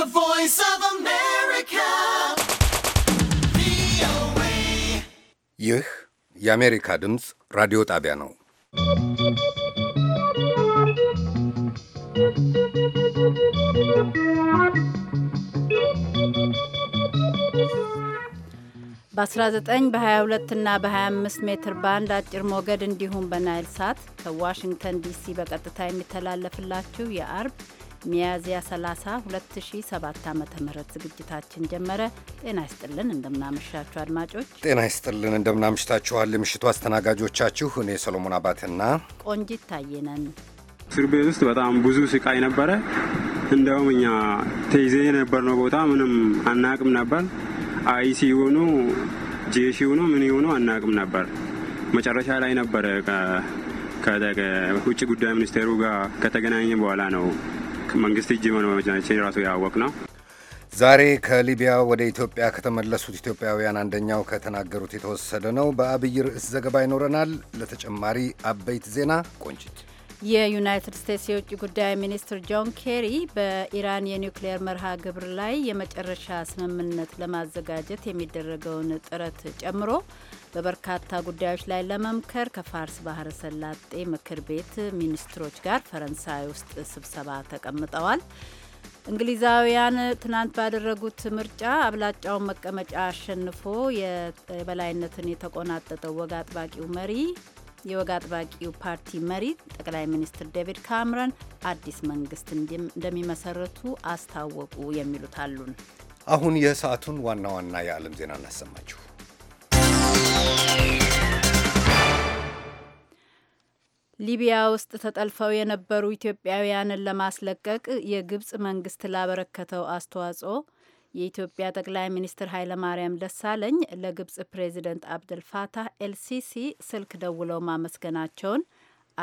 The voice of America. ይህ የአሜሪካ ድምፅ ራዲዮ ጣቢያ ነው። በ19 በ22 እና በ25 ሜትር ባንድ አጭር ሞገድ እንዲሁም በናይል ሳት ከዋሽንግተን ዲሲ በቀጥታ የሚተላለፍላችሁ የአርብ ሚያዝያ 30 2007 ዓ ም ዝግጅታችን ጀመረ። ጤና ይስጥልን፣ እንደምናመሻችሁ አድማጮች። ጤና ይስጥልን፣ እንደምናምሽታችኋል። የምሽቱ አስተናጋጆቻችሁ እኔ ሰሎሞን አባትና ቆንጂት ታየነን። እስር ቤት ውስጥ በጣም ብዙ ስቃይ ነበረ። እንደውም እኛ ተይዘ የነበርነው ቦታ ምንም አናቅም ነበር። አይሲ ሆኑ ጄሽ ሆኑ ምን ሆኑ አናቅም ነበር። መጨረሻ ላይ ነበረ ከውጭ ጉዳይ ሚኒስቴሩ ጋር ከተገናኘ በኋላ ነው መንግስት እጅ መመጃችን ራሱ ያወቅ ነው። ዛሬ ከሊቢያ ወደ ኢትዮጵያ ከተመለሱት ኢትዮጵያውያን አንደኛው ከተናገሩት የተወሰደ ነው። በአብይ ርዕስ ዘገባ ይኖረናል። ለተጨማሪ አበይት ዜና ቆንጭት። የዩናይትድ ስቴትስ የውጭ ጉዳይ ሚኒስትር ጆን ኬሪ በኢራን የኒውክሌር መርሃ ግብር ላይ የመጨረሻ ስምምነት ለማዘጋጀት የሚደረገውን ጥረት ጨምሮ በበርካታ ጉዳዮች ላይ ለመምከር ከፋርስ ባህረ ሰላጤ ምክር ቤት ሚኒስትሮች ጋር ፈረንሳይ ውስጥ ስብሰባ ተቀምጠዋል። እንግሊዛውያን ትናንት ባደረጉት ምርጫ አብላጫውን መቀመጫ አሸንፎ የበላይነትን የተቆናጠጠው ወግ አጥባቂው መሪ የወግ አጥባቂው ፓርቲ መሪ ጠቅላይ ሚኒስትር ዴቪድ ካምረን አዲስ መንግስት እንደሚመሰረቱ አስታወቁ። የሚሉት አሉን። አሁን የሰዓቱን ዋና ዋና የዓለም ዜና እናሰማችሁ። ሊቢያ ውስጥ ተጠልፈው የነበሩ ኢትዮጵያውያንን ለማስለቀቅ የግብጽ መንግስት ላበረከተው አስተዋጽኦ የኢትዮጵያ ጠቅላይ ሚኒስትር ኃይለማርያም ደሳለኝ ለግብጽ ፕሬዚደንት አብደልፋታህ ኤልሲሲ ስልክ ደውለው ማመስገናቸውን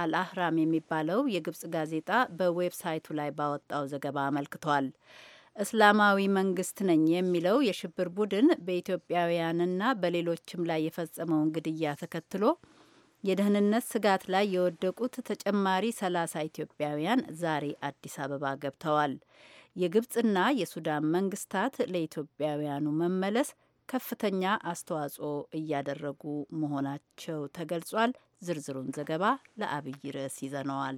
አልአህራም የሚባለው የግብጽ ጋዜጣ በዌብሳይቱ ላይ ባወጣው ዘገባ አመልክቷል። እስላማዊ መንግስት ነኝ የሚለው የሽብር ቡድን በኢትዮጵያውያንና በሌሎችም ላይ የፈጸመውን ግድያ ተከትሎ የደህንነት ስጋት ላይ የወደቁት ተጨማሪ ሰላሳ ኢትዮጵያውያን ዛሬ አዲስ አበባ ገብተዋል። የግብጽና የሱዳን መንግስታት ለኢትዮጵያውያኑ መመለስ ከፍተኛ አስተዋጽኦ እያደረጉ መሆናቸው ተገልጿል። ዝርዝሩን ዘገባ ለአብይ ርዕስ ይዘነዋል።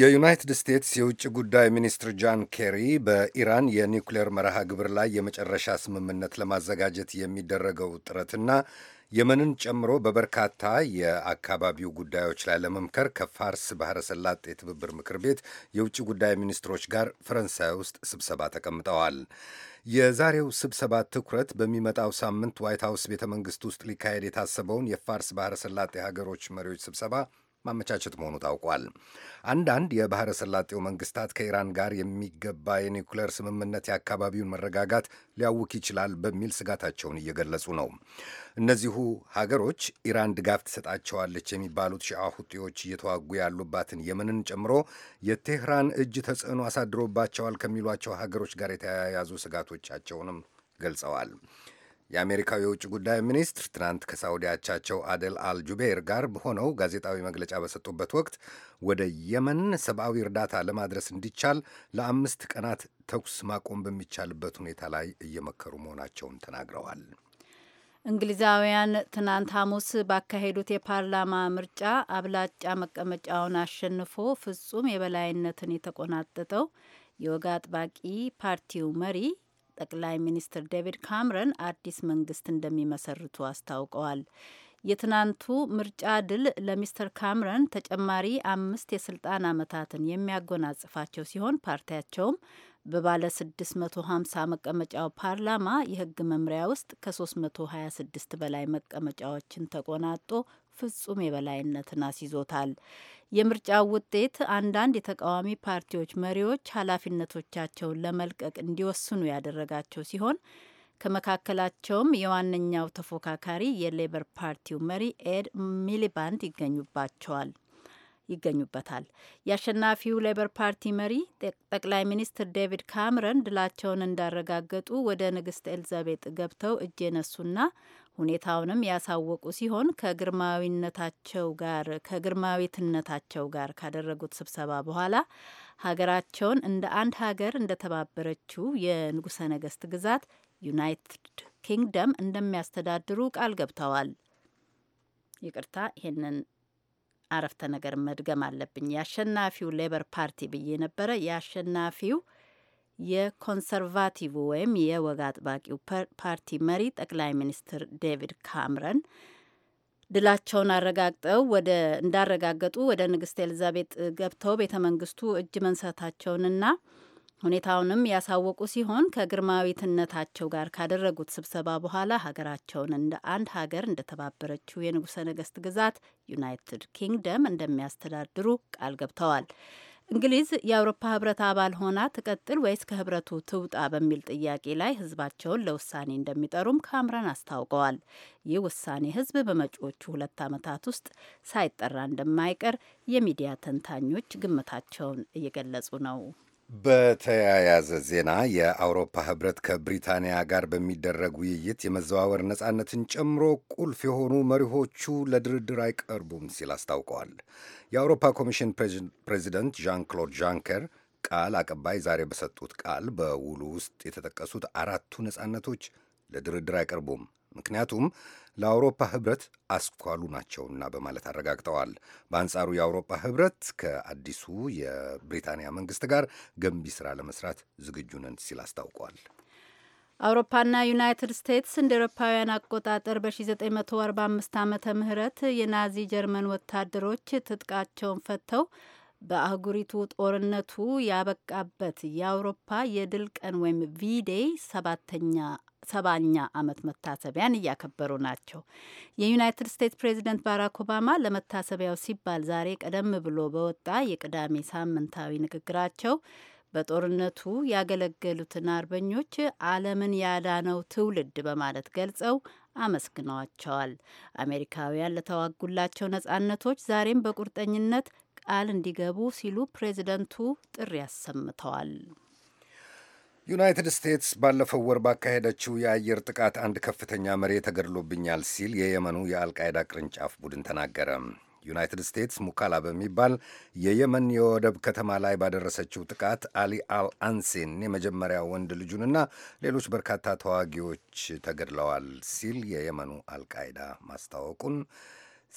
የዩናይትድ ስቴትስ የውጭ ጉዳይ ሚኒስትር ጃን ኬሪ በኢራን የኒውክሌር መርሃ ግብር ላይ የመጨረሻ ስምምነት ለማዘጋጀት የሚደረገው ጥረትና የመንን ጨምሮ በበርካታ የአካባቢው ጉዳዮች ላይ ለመምከር ከፋርስ ባህረ ሰላጥ የትብብር ምክር ቤት የውጭ ጉዳይ ሚኒስትሮች ጋር ፈረንሳይ ውስጥ ስብሰባ ተቀምጠዋል። የዛሬው ስብሰባ ትኩረት በሚመጣው ሳምንት ዋይት ሀውስ ቤተ መንግስት ውስጥ ሊካሄድ የታሰበውን የፋርስ ባህረ ሰላጤ ሀገሮች መሪዎች ስብሰባ ማመቻቸት መሆኑ ታውቋል። አንዳንድ የባህረ ሰላጤው መንግስታት ከኢራን ጋር የሚገባ የኒውክሌር ስምምነት የአካባቢውን መረጋጋት ሊያውክ ይችላል በሚል ስጋታቸውን እየገለጹ ነው። እነዚሁ ሀገሮች ኢራን ድጋፍ ትሰጣቸዋለች የሚባሉት ሺዓ ሁጤዎች እየተዋጉ ያሉባትን የመንን ጨምሮ የቴህራን እጅ ተጽዕኖ አሳድሮባቸዋል ከሚሏቸው ሀገሮች ጋር የተያያዙ ስጋቶቻቸውንም ገልጸዋል። የአሜሪካው የውጭ ጉዳይ ሚኒስትር ትናንት ከሳዑዲ አቻቸው አደል አልጁቤር ጋር ሆነው ጋዜጣዊ መግለጫ በሰጡበት ወቅት ወደ የመን ሰብአዊ እርዳታ ለማድረስ እንዲቻል ለአምስት ቀናት ተኩስ ማቆም በሚቻልበት ሁኔታ ላይ እየመከሩ መሆናቸውን ተናግረዋል። እንግሊዛውያን ትናንት ሐሙስ ባካሄዱት የፓርላማ ምርጫ አብላጫ መቀመጫውን አሸንፎ ፍጹም የበላይነትን የተቆናጠጠው የወግ አጥባቂ ፓርቲው መሪ ጠቅላይ ሚኒስትር ዴቪድ ካምረን አዲስ መንግስት እንደሚመሰርቱ አስታውቀዋል። የትናንቱ ምርጫ ድል ለሚስተር ካምረን ተጨማሪ አምስት የስልጣን ዓመታትን የሚያጎናጽፋቸው ሲሆን ፓርቲያቸውም በባለ 650 መቀመጫው ፓርላማ የህግ መምሪያ ውስጥ ከ326 በላይ መቀመጫዎችን ተቆናጦ ፍጹም የበላይነትን አስይዞታል። የምርጫው ውጤት አንዳንድ የተቃዋሚ ፓርቲዎች መሪዎች ኃላፊነቶቻቸውን ለመልቀቅ እንዲወስኑ ያደረጋቸው ሲሆን ከመካከላቸውም የዋነኛው ተፎካካሪ የሌበር ፓርቲው መሪ ኤድ ሚሊባንድ ይገኙባቸዋል ይገኙበታል። የአሸናፊው ሌበር ፓርቲ መሪ ጠቅላይ ሚኒስትር ዴቪድ ካምረን ድላቸውን እንዳረጋገጡ ወደ ንግስት ኤልዛቤጥ ገብተው እጅ የነሱና ሁኔታውንም ያሳወቁ ሲሆን ከግርማዊነታቸው ጋር ከግርማዊትነታቸው ጋር ካደረጉት ስብሰባ በኋላ ሀገራቸውን እንደ አንድ ሀገር እንደተባበረችው የንጉሠ ነገሥት ግዛት ዩናይትድ ኪንግደም እንደሚያስተዳድሩ ቃል ገብተዋል። ይቅርታ ይህንን አረፍተ ነገር መድገም አለብኝ። የአሸናፊው ሌበር ፓርቲ ብዬ ነበረ። የአሸናፊው የኮንሰርቫቲቭ ወይም የወግ አጥባቂው ፓርቲ መሪ ጠቅላይ ሚኒስትር ዴቪድ ካምረን ድላቸውን አረጋግጠው ወደ እንዳረጋገጡ ወደ ንግስት ኤልዛቤጥ ገብተው ቤተ መንግስቱ እጅ መንሳታቸውንና ሁኔታውንም ያሳወቁ ሲሆን ከግርማዊትነታቸው ጋር ካደረጉት ስብሰባ በኋላ ሀገራቸውን እንደ አንድ ሀገር እንደተባበረችው የንጉሠ ነገስት ግዛት ዩናይትድ ኪንግደም እንደሚያስተዳድሩ ቃል ገብተዋል። እንግሊዝ የአውሮፓ ህብረት አባል ሆና ትቀጥል ወይስ ከህብረቱ ትውጣ በሚል ጥያቄ ላይ ህዝባቸውን ለውሳኔ እንደሚጠሩም ካምረን አስታውቀዋል። ይህ ውሳኔ ህዝብ በመጪዎቹ ሁለት ዓመታት ውስጥ ሳይጠራ እንደማይቀር የሚዲያ ተንታኞች ግምታቸውን እየገለጹ ነው። በተያያዘ ዜና የአውሮፓ ህብረት ከብሪታንያ ጋር በሚደረግ ውይይት የመዘዋወር ነጻነትን ጨምሮ ቁልፍ የሆኑ መሪሆቹ ለድርድር አይቀርቡም ሲል አስታውቀዋል። የአውሮፓ ኮሚሽን ፕሬዚደንት ዣን ክሎድ ዣንከር ቃል አቀባይ ዛሬ በሰጡት ቃል በውሉ ውስጥ የተጠቀሱት አራቱ ነጻነቶች ለድርድር አይቀርቡም፣ ምክንያቱም ለአውሮፓ ህብረት አስኳሉ ናቸውና በማለት አረጋግጠዋል። በአንጻሩ የአውሮፓ ህብረት ከአዲሱ የብሪታንያ መንግስት ጋር ገንቢ ስራ ለመስራት ዝግጁ ነን ሲል አስታውቋል። አውሮፓና ዩናይትድ ስቴትስ እንደ ኤሮፓውያን አቆጣጠር በ1945 ዓመተ ምህረት የናዚ ጀርመን ወታደሮች ትጥቃቸውን ፈተው በአህጉሪቱ ጦርነቱ ያበቃበት የአውሮፓ የድል ቀን ወይም ቪዴይ ሰባተኛ ሰባኛ ዓመት መታሰቢያን እያከበሩ ናቸው። የዩናይትድ ስቴትስ ፕሬዚደንት ባራክ ኦባማ ለመታሰቢያው ሲባል ዛሬ ቀደም ብሎ በወጣ የቅዳሜ ሳምንታዊ ንግግራቸው በጦርነቱ ያገለገሉትን አርበኞች ዓለምን ያዳነው ትውልድ በማለት ገልጸው አመስግነዋቸዋል። አሜሪካውያን ለተዋጉላቸው ነጻነቶች ዛሬም በቁርጠኝነት ቃል እንዲገቡ ሲሉ ፕሬዚደንቱ ጥሪ አሰምተዋል። ዩናይትድ ስቴትስ ባለፈው ወር ባካሄደችው የአየር ጥቃት አንድ ከፍተኛ መሪ ተገድሎብኛል ሲል የየመኑ የአልቃይዳ ቅርንጫፍ ቡድን ተናገረ። ዩናይትድ ስቴትስ ሙካላ በሚባል የየመን የወደብ ከተማ ላይ ባደረሰችው ጥቃት አሊ አል አንሴን የመጀመሪያ ወንድ ልጁንና ሌሎች በርካታ ተዋጊዎች ተገድለዋል ሲል የየመኑ አልቃይዳ ማስታወቁን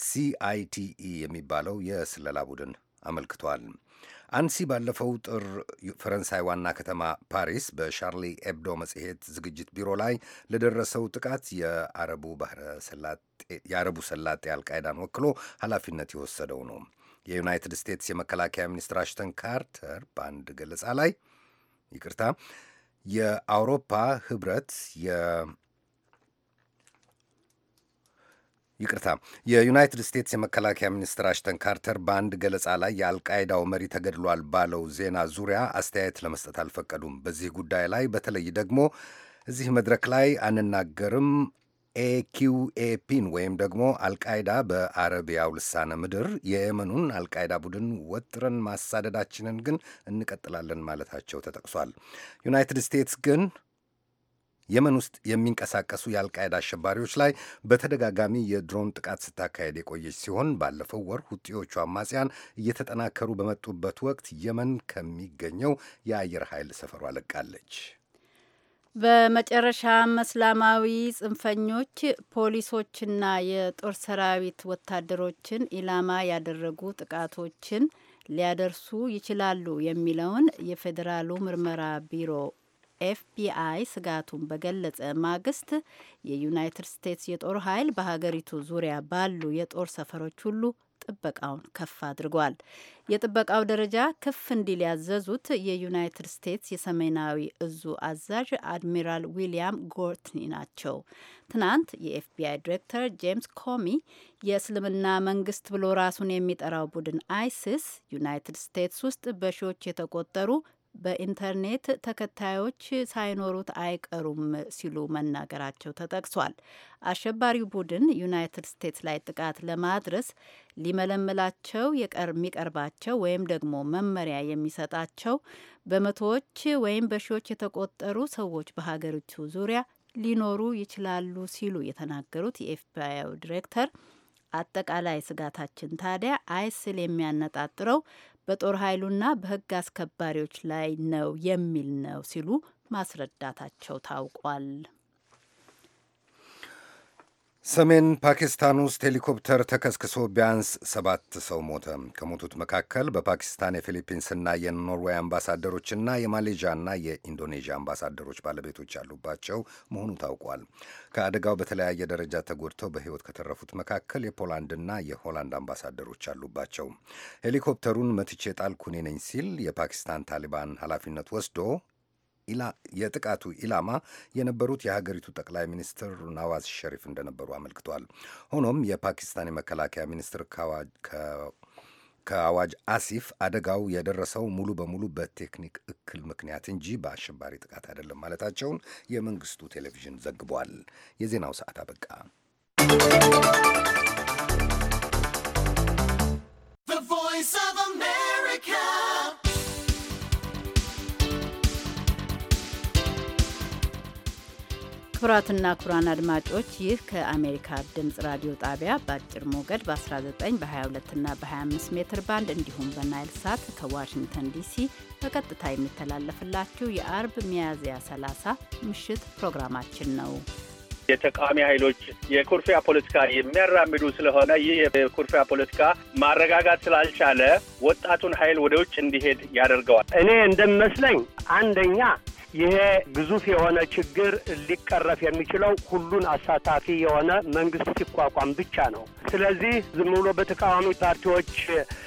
ሲአይቲኢ የሚባለው የስለላ ቡድን አመልክቷል። አንሲ ባለፈው ጥር ፈረንሳይ ዋና ከተማ ፓሪስ በሻርሊ ኤብዶ መጽሔት ዝግጅት ቢሮ ላይ ለደረሰው ጥቃት የአረቡ ባህረ የአረቡ ሰላጤ አልቃይዳን ወክሎ ኃላፊነት የወሰደው ነው። የዩናይትድ ስቴትስ የመከላከያ ሚኒስትር አሽተን ካርተር በአንድ ገለጻ ላይ ይቅርታ የአውሮፓ ህብረት ይቅርታ የዩናይትድ ስቴትስ የመከላከያ ሚኒስትር አሽተን ካርተር በአንድ ገለጻ ላይ የአልቃይዳው መሪ ተገድሏል ባለው ዜና ዙሪያ አስተያየት ለመስጠት አልፈቀዱም። በዚህ ጉዳይ ላይ በተለይ ደግሞ እዚህ መድረክ ላይ አንናገርም ኤኪውኤፒን ወይም ደግሞ አልቃይዳ በአረቢያው ልሳነ ምድር የየመኑን አልቃይዳ ቡድን ወጥረን ማሳደዳችንን ግን እንቀጥላለን ማለታቸው ተጠቅሷል። ዩናይትድ ስቴትስ ግን የመን ውስጥ የሚንቀሳቀሱ የአልቃይዳ አሸባሪዎች ላይ በተደጋጋሚ የድሮን ጥቃት ስታካሄድ የቆየች ሲሆን ባለፈው ወር ሁጤዎቹ አማጽያን እየተጠናከሩ በመጡበት ወቅት የመን ከሚገኘው የአየር ኃይል ሰፈሯ ለቃለች። በመጨረሻም እስላማዊ ጽንፈኞች ፖሊሶችና የጦር ሰራዊት ወታደሮችን ኢላማ ያደረጉ ጥቃቶችን ሊያደርሱ ይችላሉ የሚለውን የፌዴራሉ ምርመራ ቢሮ ኤፍቢአይ ስጋቱን በገለጸ ማግስት የዩናይትድ ስቴትስ የጦር ኃይል በሀገሪቱ ዙሪያ ባሉ የጦር ሰፈሮች ሁሉ ጥበቃውን ከፍ አድርጓል። የጥበቃው ደረጃ ከፍ እንዲል ያዘዙት የዩናይትድ ስቴትስ የሰሜናዊ እዙ አዛዥ አድሚራል ዊሊያም ጎርትኒ ናቸው። ትናንት የኤፍቢአይ ዲሬክተር ጄምስ ኮሚ የእስልምና መንግስት ብሎ ራሱን የሚጠራው ቡድን አይሲስ ዩናይትድ ስቴትስ ውስጥ በሺዎች የተቆጠሩ በኢንተርኔት ተከታዮች ሳይኖሩት አይቀሩም ሲሉ መናገራቸው ተጠቅሷል። አሸባሪው ቡድን ዩናይትድ ስቴትስ ላይ ጥቃት ለማድረስ ሊመለምላቸው የሚቀርባቸው ወይም ደግሞ መመሪያ የሚሰጣቸው በመቶዎች ወይም በሺዎች የተቆጠሩ ሰዎች በሀገሪቱ ዙሪያ ሊኖሩ ይችላሉ ሲሉ የተናገሩት የኤፍቢአይ ዲሬክተር አጠቃላይ ስጋታችን ታዲያ አይስል የሚያነጣጥረው በጦር ኃይሉና በህግ አስከባሪዎች ላይ ነው የሚል ነው ሲሉ ማስረዳታቸው ታውቋል። ሰሜን ፓኪስታን ውስጥ ሄሊኮፕተር ተከስክሶ ቢያንስ ሰባት ሰው ሞተ። ከሞቱት መካከል በፓኪስታን የፊሊፒንስና የኖርዌይ አምባሳደሮችና የማሌዥያና የኢንዶኔዥያ አምባሳደሮች ባለቤቶች ያሉባቸው መሆኑ ታውቋል። ከአደጋው በተለያየ ደረጃ ተጎድተው በሕይወት ከተረፉት መካከል የፖላንድና የሆላንድ አምባሳደሮች አሉባቸው። ሄሊኮፕተሩን መትቼ ጣልኩ እኔ ነኝ ሲል የፓኪስታን ታሊባን ኃላፊነት ወስዶ የጥቃቱ ኢላማ የነበሩት የሀገሪቱ ጠቅላይ ሚኒስትር ናዋዝ ሸሪፍ እንደነበሩ አመልክቷል። ሆኖም የፓኪስታን የመከላከያ ሚኒስትር ከአዋጅ አሲፍ አደጋው የደረሰው ሙሉ በሙሉ በቴክኒክ እክል ምክንያት እንጂ በአሸባሪ ጥቃት አይደለም ማለታቸውን የመንግስቱ ቴሌቪዥን ዘግቧል። የዜናው ሰዓት አበቃ። ክቡራትና ክቡራን አድማጮች ይህ ከአሜሪካ ድምጽ ራዲዮ ጣቢያ በአጭር ሞገድ በ19 በ22ና በ25 ሜትር ባንድ እንዲሁም በናይል ሳት ከዋሽንግተን ዲሲ በቀጥታ የሚተላለፍላችሁ የአርብ ሚያዝያ 30 ምሽት ፕሮግራማችን ነው። የተቃዋሚ ኃይሎች የኩርፊያ ፖለቲካ የሚያራምዱ ስለሆነ ይህ የኩርፊያ ፖለቲካ ማረጋጋት ስላልቻለ ወጣቱን ኃይል ወደ ውጭ እንዲሄድ ያደርገዋል። እኔ እንደሚመስለኝ አንደኛ ይሄ ግዙፍ የሆነ ችግር ሊቀረፍ የሚችለው ሁሉን አሳታፊ የሆነ መንግስት ሲቋቋም ብቻ ነው። ስለዚህ ዝም ብሎ በተቃዋሚ ፓርቲዎች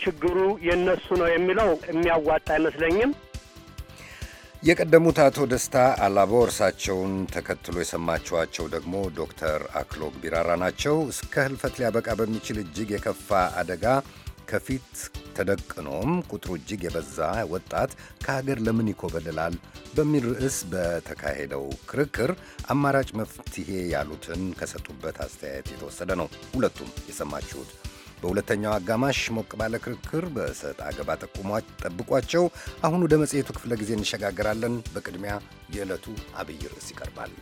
ችግሩ የነሱ ነው የሚለው የሚያዋጣ አይመስለኝም። የቀደሙት አቶ ደስታ አላቦ እርሳቸውን ተከትሎ የሰማችኋቸው ደግሞ ዶክተር አክሎግ ቢራራ ናቸው። እስከ ህልፈት ሊያበቃ በሚችል እጅግ የከፋ አደጋ ከፊት ተደቅኖም ቁጥሩ እጅግ የበዛ ወጣት ከሀገር ለምን ይኮበልላል በሚል ርዕስ በተካሄደው ክርክር አማራጭ መፍትሄ ያሉትን ከሰጡበት አስተያየት የተወሰደ ነው። ሁለቱም የሰማችሁት። በሁለተኛው አጋማሽ ሞቅ ባለ ክርክር በሰጥ አገባ ጠብቋቸው። አሁን ወደ መጽሔቱ ክፍለ ጊዜ እንሸጋገራለን። በቅድሚያ የዕለቱ አብይ ርዕስ ይቀርባል።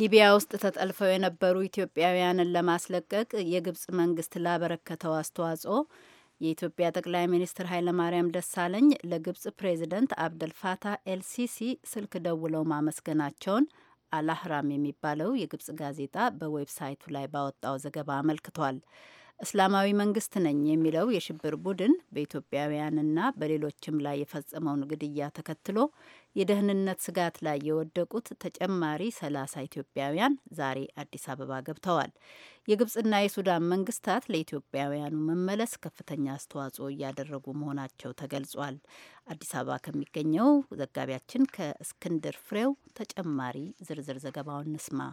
ሊቢያ ውስጥ ተጠልፈው የነበሩ ኢትዮጵያውያንን ለማስለቀቅ የግብጽ መንግስት ላበረከተው አስተዋጽኦ የኢትዮጵያ ጠቅላይ ሚኒስትር ኃይለማርያም ደሳለኝ ለግብጽ ፕሬዚደንት አብደልፋታ ኤልሲሲ ስልክ ደውለው ማመስገናቸውን አላህራም የሚባለው የግብጽ ጋዜጣ በዌብሳይቱ ላይ ባወጣው ዘገባ አመልክቷል። እስላማዊ መንግስት ነኝ የሚለው የሽብር ቡድን በኢትዮጵያውያንና በሌሎችም ላይ የፈጸመውን ግድያ ተከትሎ የደህንነት ስጋት ላይ የወደቁት ተጨማሪ ሰላሳ ኢትዮጵያውያን ዛሬ አዲስ አበባ ገብተዋል። የግብጽና የሱዳን መንግስታት ለኢትዮጵያውያኑ መመለስ ከፍተኛ አስተዋጽኦ እያደረጉ መሆናቸው ተገልጿል። አዲስ አበባ ከሚገኘው ዘጋቢያችን ከእስክንድር ፍሬው ተጨማሪ ዝርዝር ዘገባውን እንስማ።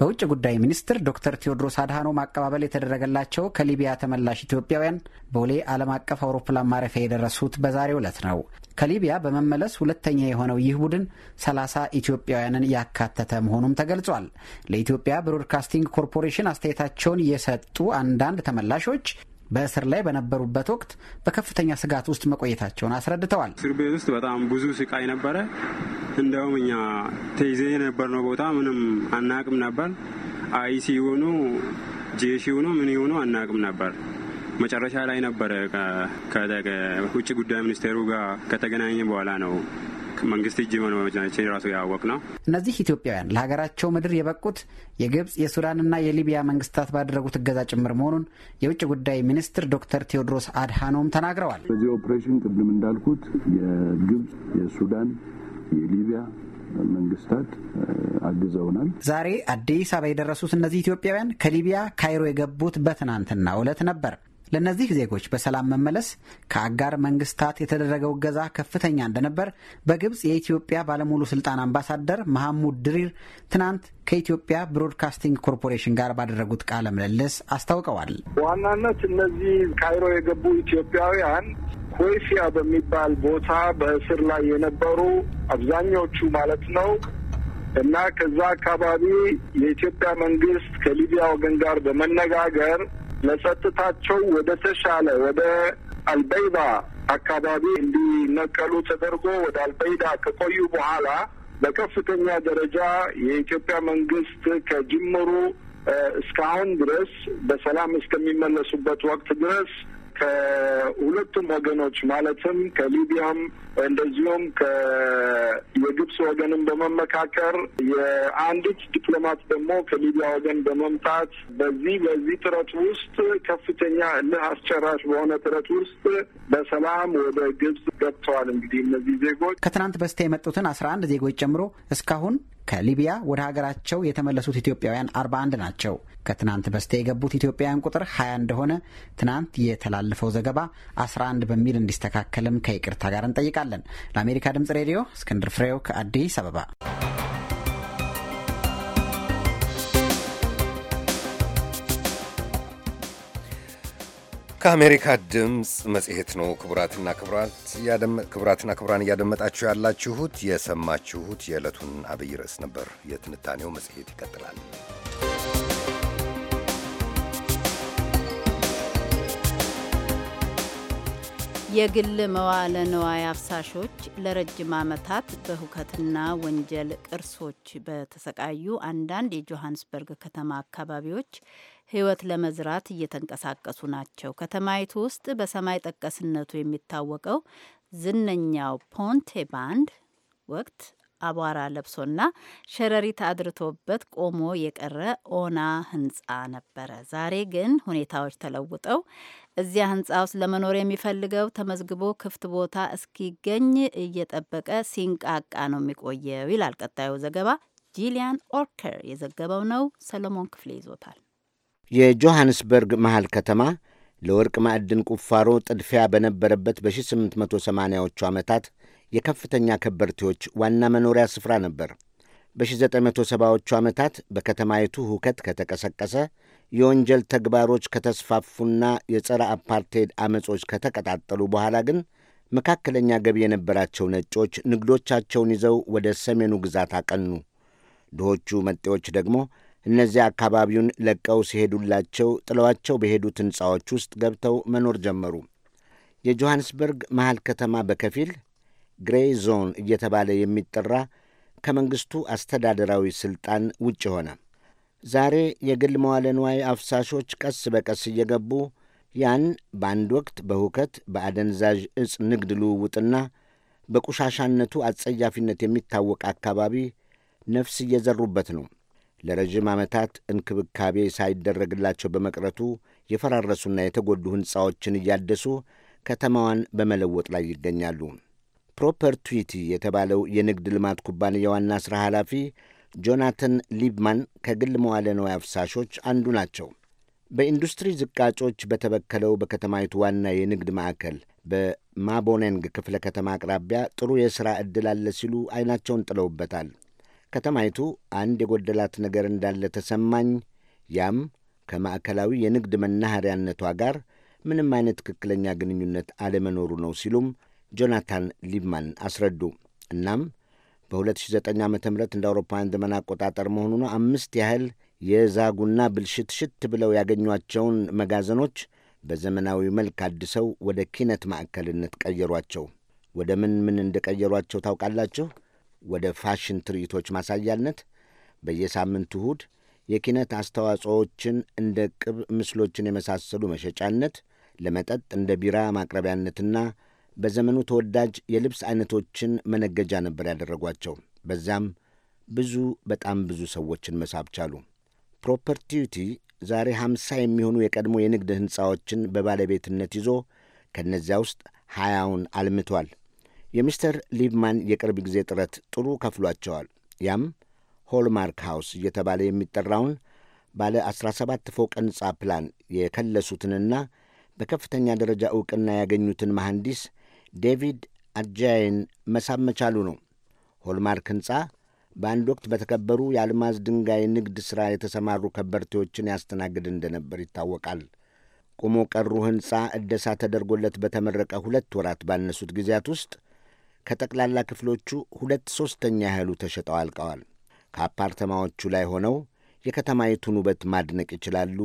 በውጭ ጉዳይ ሚኒስትር ዶክተር ቴዎድሮስ አድሃኖም አቀባበል የተደረገላቸው ከሊቢያ ተመላሽ ኢትዮጵያውያን ቦሌ ዓለም አቀፍ አውሮፕላን ማረፊያ የደረሱት በዛሬው ዕለት ነው። ከሊቢያ በመመለስ ሁለተኛ የሆነው ይህ ቡድን 30 ኢትዮጵያውያንን ያካተተ መሆኑም ተገልጿል። ለኢትዮጵያ ብሮድካስቲንግ ኮርፖሬሽን አስተያየታቸውን የሰጡ አንዳንድ ተመላሾች በእስር ላይ በነበሩበት ወቅት በከፍተኛ ስጋት ውስጥ መቆየታቸውን አስረድተዋል። እስር ቤት ውስጥ በጣም ብዙ ስቃይ ነበረ። እንደውም እኛ ተይዘ የነበርነው ቦታ ምንም አናቅም ነበር። አይሲ ሆኑ ጄሽ ሆኑ ምን ሆኑ አናቅም ነበር። መጨረሻ ላይ ነበረ ከውጭ ጉዳይ ሚኒስቴሩ ጋር ከተገናኘ በኋላ ነው መንግስት እጅ መሆነ መጃችን ራሱ ያወቅ ነው። እነዚህ ኢትዮጵያውያን ለሀገራቸው ምድር የበቁት የግብፅ የሱዳንና የሊቢያ መንግስታት ባደረጉት እገዛ ጭምር መሆኑን የውጭ ጉዳይ ሚኒስትር ዶክተር ቴዎድሮስ አድሃኖም ተናግረዋል። በዚህ ኦፕሬሽን ቅድም እንዳልኩት የግብፅ የሱዳን የሊቢያ መንግስታት አግዘውናል። ዛሬ አዲስ አበባ የደረሱት እነዚህ ኢትዮጵያውያን ከሊቢያ ካይሮ የገቡት በትናንትና ውለት ነበር። ለእነዚህ ዜጎች በሰላም መመለስ ከአጋር መንግስታት የተደረገው እገዛ ከፍተኛ እንደነበር በግብፅ የኢትዮጵያ ባለሙሉ ስልጣን አምባሳደር መሐሙድ ድሪር ትናንት ከኢትዮጵያ ብሮድካስቲንግ ኮርፖሬሽን ጋር ባደረጉት ቃለ ምልልስ አስታውቀዋል። በዋናነት እነዚህ ካይሮ የገቡ ኢትዮጵያውያን ኮይሲያ በሚባል ቦታ በእስር ላይ የነበሩ አብዛኛዎቹ ማለት ነው እና ከዛ አካባቢ የኢትዮጵያ መንግስት ከሊቢያ ወገን ጋር በመነጋገር ለጸጥታቸው ወደ ተሻለ ወደ አልበይዳ አካባቢ እንዲነቀሉ ተደርጎ ወደ አልበይዳ ከቆዩ በኋላ በከፍተኛ ደረጃ የኢትዮጵያ መንግስት ከጅምሩ እስካሁን ድረስ በሰላም እስከሚመለሱበት ወቅት ድረስ ከሁለቱም ወገኖች ማለትም ከሊቢያም እንደዚሁም የግብፅ ወገንም በመመካከር የአንዲት ዲፕሎማት ደግሞ ከሊቢያ ወገን በመምጣት በዚህ በዚህ ጥረት ውስጥ ከፍተኛ እልህ አስጨራሽ በሆነ ጥረት ውስጥ በሰላም ወደ ግብፅ ገብተዋል። እንግዲህ እነዚህ ዜጎች ከትናንት በስቲያ የመጡትን አስራ አንድ ዜጎች ጨምሮ እስካሁን ከሊቢያ ወደ ሀገራቸው የተመለሱት ኢትዮጵያውያን 41 ናቸው። ከትናንት በስቲያ የገቡት ኢትዮጵያውያን ቁጥር 20 እንደሆነ ትናንት የተላለፈው ዘገባ 11 በሚል እንዲስተካከልም ከይቅርታ ጋር እንጠይቃለን። ለአሜሪካ ድምጽ ሬዲዮ እስክንድር ፍሬው ከአዲስ አበባ ከአሜሪካ ድምፅ መጽሔት ነው። ክቡራትና ክቡራትና ክቡራን እያደመጣችሁ ያላችሁት የሰማችሁት የዕለቱን አብይ ርዕስ ነበር። የትንታኔው መጽሔት ይቀጥላል። የግል መዋለ ንዋይ አፍሳሾች ለረጅም ዓመታት በሁከትና ወንጀል ቅርሶች በተሰቃዩ አንዳንድ የጆሃንስበርግ ከተማ አካባቢዎች ህይወት ለመዝራት እየተንቀሳቀሱ ናቸው። ከተማይቱ ውስጥ በሰማይ ጠቀስነቱ የሚታወቀው ዝነኛው ፖንቴ ባንድ ወቅት አቧራ ለብሶና ሸረሪት አድርቶበት ቆሞ የቀረ ኦና ህንጻ ነበረ። ዛሬ ግን ሁኔታዎች ተለውጠው እዚያ ህንጻ ውስጥ ለመኖር የሚፈልገው ተመዝግቦ ክፍት ቦታ እስኪገኝ እየጠበቀ ሲንቃቃ ነው የሚቆየው ይላል ቀጣዩ ዘገባ። ጂሊያን ኦርከር የዘገበው ነው። ሰለሞን ክፍሌ ይዞታል። የጆሐንስበርግ መሃል ከተማ ለወርቅ ማዕድን ቁፋሮ ጥድፊያ በነበረበት በ1880ዎቹ ዓመታት የከፍተኛ ከበርቴዎች ዋና መኖሪያ ስፍራ ነበር። በ1970ዎቹ ዓመታት በከተማይቱ ሁከት ከተቀሰቀሰ፣ የወንጀል ተግባሮች ከተስፋፉና የጸረ አፓርቴድ አመጾች ከተቀጣጠሉ በኋላ ግን መካከለኛ ገቢ የነበራቸው ነጮች ንግዶቻቸውን ይዘው ወደ ሰሜኑ ግዛት አቀኑ። ድሆቹ መጤዎች ደግሞ እነዚያ አካባቢውን ለቀው ሲሄዱላቸው ጥለዋቸው በሄዱት ሕንፃዎች ውስጥ ገብተው መኖር ጀመሩ። የጆሐንስበርግ መሃል ከተማ በከፊል ግሬይ ዞን እየተባለ የሚጠራ ከመንግሥቱ አስተዳደራዊ ሥልጣን ውጭ ሆነ። ዛሬ የግል መዋለ ንዋይ አፍሳሾች ቀስ በቀስ እየገቡ ያን በአንድ ወቅት በሁከት በአደንዛዥ እጽ ንግድ ልውውጥና በቆሻሻነቱ አጸያፊነት የሚታወቅ አካባቢ ነፍስ እየዘሩበት ነው። ለረዥም ዓመታት እንክብካቤ ሳይደረግላቸው በመቅረቱ የፈራረሱና የተጎዱ ሕንፃዎችን እያደሱ ከተማዋን በመለወጥ ላይ ይገኛሉ። ፕሮፐርቱዊቲ የተባለው የንግድ ልማት ኩባንያ ዋና ሥራ ኃላፊ ጆናተን ሊብማን ከግል መዋለ ንዋይ አፍሳሾች አንዱ ናቸው። በኢንዱስትሪ ዝቃጮች በተበከለው በከተማይቱ ዋና የንግድ ማዕከል በማቦኔንግ ክፍለ ከተማ አቅራቢያ ጥሩ የሥራ ዕድል አለ ሲሉ ዐይናቸውን ጥለውበታል። ከተማይቱ አንድ የጎደላት ነገር እንዳለ ተሰማኝ። ያም ከማዕከላዊ የንግድ መናኸሪያነቷ ጋር ምንም አይነት ትክክለኛ ግንኙነት አለመኖሩ ነው ሲሉም ጆናታን ሊብማን አስረዱ። እናም በ2009 ዓ ም እንደ አውሮፓውያን ዘመን አቆጣጠር መሆኑ ነው አምስት ያህል የዛጉና ብልሽት ሽት ብለው ያገኟቸውን መጋዘኖች በዘመናዊ መልክ አድሰው ወደ ኪነት ማዕከልነት ቀየሯቸው። ወደ ምን ምን እንደቀየሯቸው ታውቃላችሁ? ወደ ፋሽን ትርኢቶች ማሳያነት በየሳምንቱ እሁድ የኪነት አስተዋጽኦዎችን እንደ ቅብ ምስሎችን የመሳሰሉ መሸጫነት፣ ለመጠጥ እንደ ቢራ ማቅረቢያነትና በዘመኑ ተወዳጅ የልብስ አይነቶችን መነገጃ ነበር ያደረጓቸው። በዚያም ብዙ በጣም ብዙ ሰዎችን መሳብ ቻሉ። ፕሮፐርቲዊቲ ዛሬ 50 የሚሆኑ የቀድሞ የንግድ ሕንፃዎችን በባለቤትነት ይዞ ከእነዚያ ውስጥ ሀያውን አልምቷል። የሚስተር ሊቭማን የቅርብ ጊዜ ጥረት ጥሩ ከፍሏቸዋል። ያም ሆልማርክ ሃውስ እየተባለ የሚጠራውን ባለ 17 ፎቅ ሕንፃ ፕላን የከለሱትንና በከፍተኛ ደረጃ ዕውቅና ያገኙትን መሐንዲስ ዴቪድ አጃይን መሳብ መቻሉ ነው። ሆልማርክ ሕንፃ በአንድ ወቅት በተከበሩ የአልማዝ ድንጋይ ንግድ ሥራ የተሰማሩ ከበርቴዎችን ያስተናግድ እንደነበር ይታወቃል። ቁሞ ቀሩ ሕንፃ ዕደሳ ተደርጎለት በተመረቀ ሁለት ወራት ባነሱት ጊዜያት ውስጥ ከጠቅላላ ክፍሎቹ ሁለት ሦስተኛ ያህሉ ተሸጠው አልቀዋል። ከአፓርተማዎቹ ላይ ሆነው የከተማይቱን ውበት ማድነቅ ይችላሉ።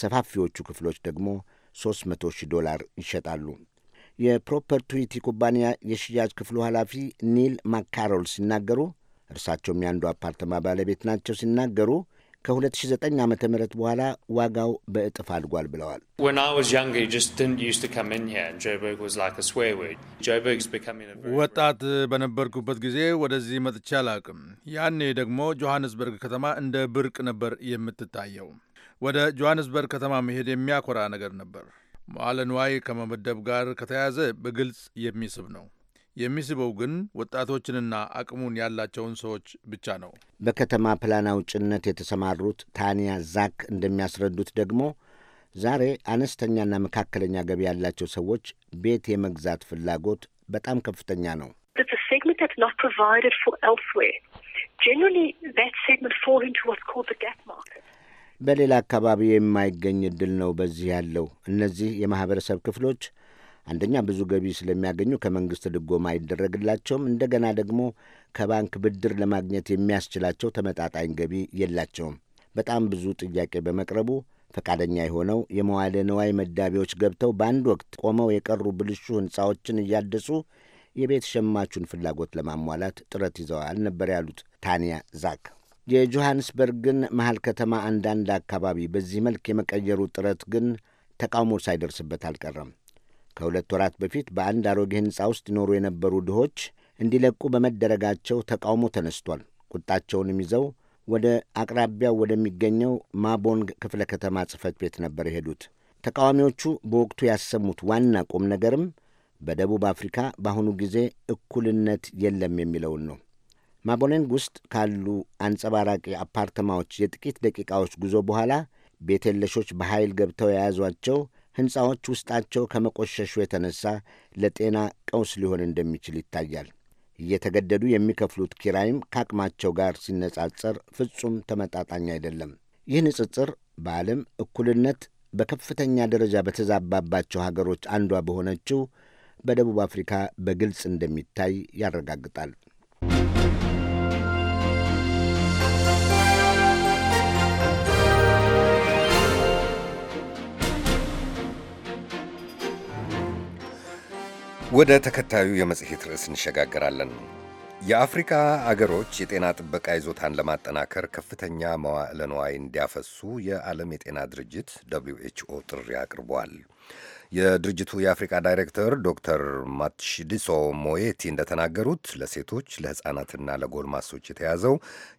ሰፋፊዎቹ ክፍሎች ደግሞ 300 ሺህ ዶላር ይሸጣሉ። የፕሮፐርቲዊቲ ኩባንያ የሽያጭ ክፍሉ ኃላፊ ኒል ማካሮል ሲናገሩ፣ እርሳቸውም ያንዱ አፓርተማ ባለቤት ናቸው። ሲናገሩ ከ2009 ዓ ም በኋላ ዋጋው በእጥፍ አድጓል ብለዋል። ወጣት በነበርኩበት ጊዜ ወደዚህ መጥቼ አላቅም ያኔ ደግሞ ጆሐንስበርግ ከተማ እንደ ብርቅ ነበር የምትታየው። ወደ ጆሐንስበርግ ከተማ መሄድ የሚያኮራ ነገር ነበር። መዋለ ንዋይ ከመመደብ ጋር ከተያያዘ በግልጽ የሚስብ ነው። የሚስበው ግን ወጣቶችንና አቅሙን ያላቸውን ሰዎች ብቻ ነው። በከተማ ፕላን አውጭነት የተሰማሩት ታንያ ዛክ እንደሚያስረዱት ደግሞ ዛሬ አነስተኛና መካከለኛ ገቢ ያላቸው ሰዎች ቤት የመግዛት ፍላጎት በጣም ከፍተኛ ነው። በሌላ አካባቢ የማይገኝ እድል ነው በዚህ ያለው። እነዚህ የማህበረሰብ ክፍሎች አንደኛ ብዙ ገቢ ስለሚያገኙ ከመንግሥት ድጎማ አይደረግላቸውም። እንደገና ደግሞ ከባንክ ብድር ለማግኘት የሚያስችላቸው ተመጣጣኝ ገቢ የላቸውም። በጣም ብዙ ጥያቄ በመቅረቡ ፈቃደኛ የሆነው የመዋለ ንዋይ መዳቢዎች ገብተው በአንድ ወቅት ቆመው የቀሩ ብልሹ ሕንፃዎችን እያደሱ የቤት ሸማቹን ፍላጎት ለማሟላት ጥረት ይዘዋል ነበር ያሉት ታንያ ዛክ። የጆሐንስበርግን መሃል ከተማ አንዳንድ አካባቢ በዚህ መልክ የመቀየሩ ጥረት ግን ተቃውሞ ሳይደርስበት አልቀረም። ከሁለት ወራት በፊት በአንድ አሮጌ ሕንፃ ውስጥ ይኖሩ የነበሩ ድሆች እንዲለቁ በመደረጋቸው ተቃውሞ ተነስቷል። ቁጣቸውንም ይዘው ወደ አቅራቢያው ወደሚገኘው ማቦንግ ክፍለ ከተማ ጽሕፈት ቤት ነበር የሄዱት። ተቃዋሚዎቹ በወቅቱ ያሰሙት ዋና ቁም ነገርም በደቡብ አፍሪካ በአሁኑ ጊዜ እኩልነት የለም የሚለውን ነው። ማቦኔንግ ውስጥ ካሉ አንጸባራቂ አፓርተማዎች የጥቂት ደቂቃዎች ጉዞ በኋላ ቤት የለሾች በኃይል ገብተው የያዟቸው ሕንፃዎች ውስጣቸው ከመቆሸሹ የተነሳ ለጤና ቀውስ ሊሆን እንደሚችል ይታያል። እየተገደዱ የሚከፍሉት ኪራይም ከአቅማቸው ጋር ሲነጻጸር ፍጹም ተመጣጣኝ አይደለም። ይህ ንጽጽር በዓለም እኩልነት በከፍተኛ ደረጃ በተዛባባቸው ሀገሮች አንዷ በሆነችው በደቡብ አፍሪካ በግልጽ እንደሚታይ ያረጋግጣል። ወደ ተከታዩ የመጽሔት ርዕስ እንሸጋገራለን። የአፍሪካ አገሮች የጤና ጥበቃ ይዞታን ለማጠናከር ከፍተኛ መዋዕለ ንዋይ እንዲያፈሱ የዓለም የጤና ድርጅት ደብሊው ኤች ኦ ጥሪ አቅርቧል። የድርጅቱ የአፍሪካ ዳይሬክተር ዶክተር ማትሽዲሶ ሞየቲ እንደተናገሩት ለሴቶች ለሕፃናትና ለጎልማሶች የተያዘው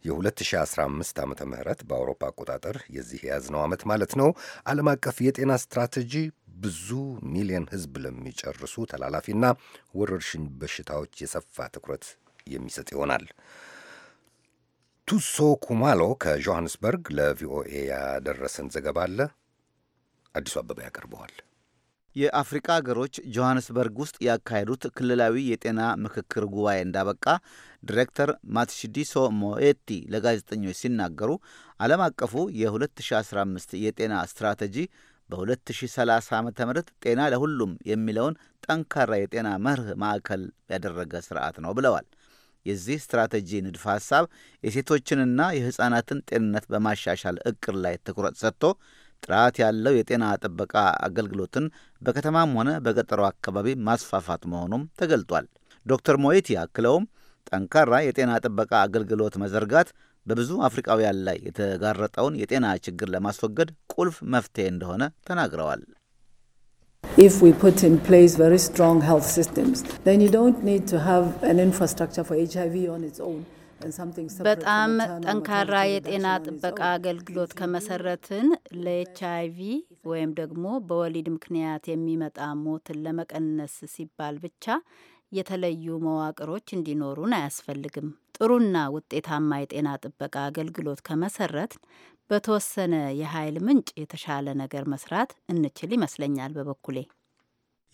የ2015 ዓ ም በአውሮፓ አቆጣጠር የዚህ የያዝነው ዓመት ማለት ነው ዓለም አቀፍ የጤና ስትራቴጂ ብዙ ሚሊዮን ሕዝብ ለሚጨርሱ ተላላፊና ወረርሽኝ በሽታዎች የሰፋ ትኩረት የሚሰጥ ይሆናል። ቱሶ ኩማሎ ከጆሃንስበርግ ለቪኦኤ ያደረሰን ዘገባ አለ። አዲሱ አበባ ያቀርበዋል። የአፍሪካ አገሮች ጆሃንስበርግ ውስጥ ያካሄዱት ክልላዊ የጤና ምክክር ጉባኤ እንዳበቃ ዲሬክተር ማትሽዲሶ ሞኤቲ ለጋዜጠኞች ሲናገሩ ዓለም አቀፉ የ2015 የጤና ስትራቴጂ በ2030 ዓ ም ጤና ለሁሉም የሚለውን ጠንካራ የጤና መርህ ማዕከል ያደረገ ስርዓት ነው ብለዋል። የዚህ ስትራቴጂ ንድፈ ሐሳብ የሴቶችንና የሕፃናትን ጤንነት በማሻሻል እቅድ ላይ ትኩረት ሰጥቶ ጥራት ያለው የጤና ጥበቃ አገልግሎትን በከተማም ሆነ በገጠሩ አካባቢ ማስፋፋት መሆኑም ተገልጧል። ዶክተር ሞይቲ አክለውም ጠንካራ የጤና ጥበቃ አገልግሎት መዘርጋት በብዙ አፍሪካውያን ላይ የተጋረጠውን የጤና ችግር ለማስወገድ ቁልፍ መፍትሄ እንደሆነ ተናግረዋል። በጣም ጠንካራ የጤና ጥበቃ አገልግሎት ከመሰረትን ለኤች አይ ቪ ወይም ደግሞ በወሊድ ምክንያት የሚመጣ ሞትን ለመቀነስ ሲባል ብቻ የተለዩ መዋቅሮች እንዲኖሩን አያስፈልግም። ጥሩና ውጤታማ የጤና ጥበቃ አገልግሎት ከመሰረት በተወሰነ የኃይል ምንጭ የተሻለ ነገር መስራት እንችል ይመስለኛል በበኩሌ።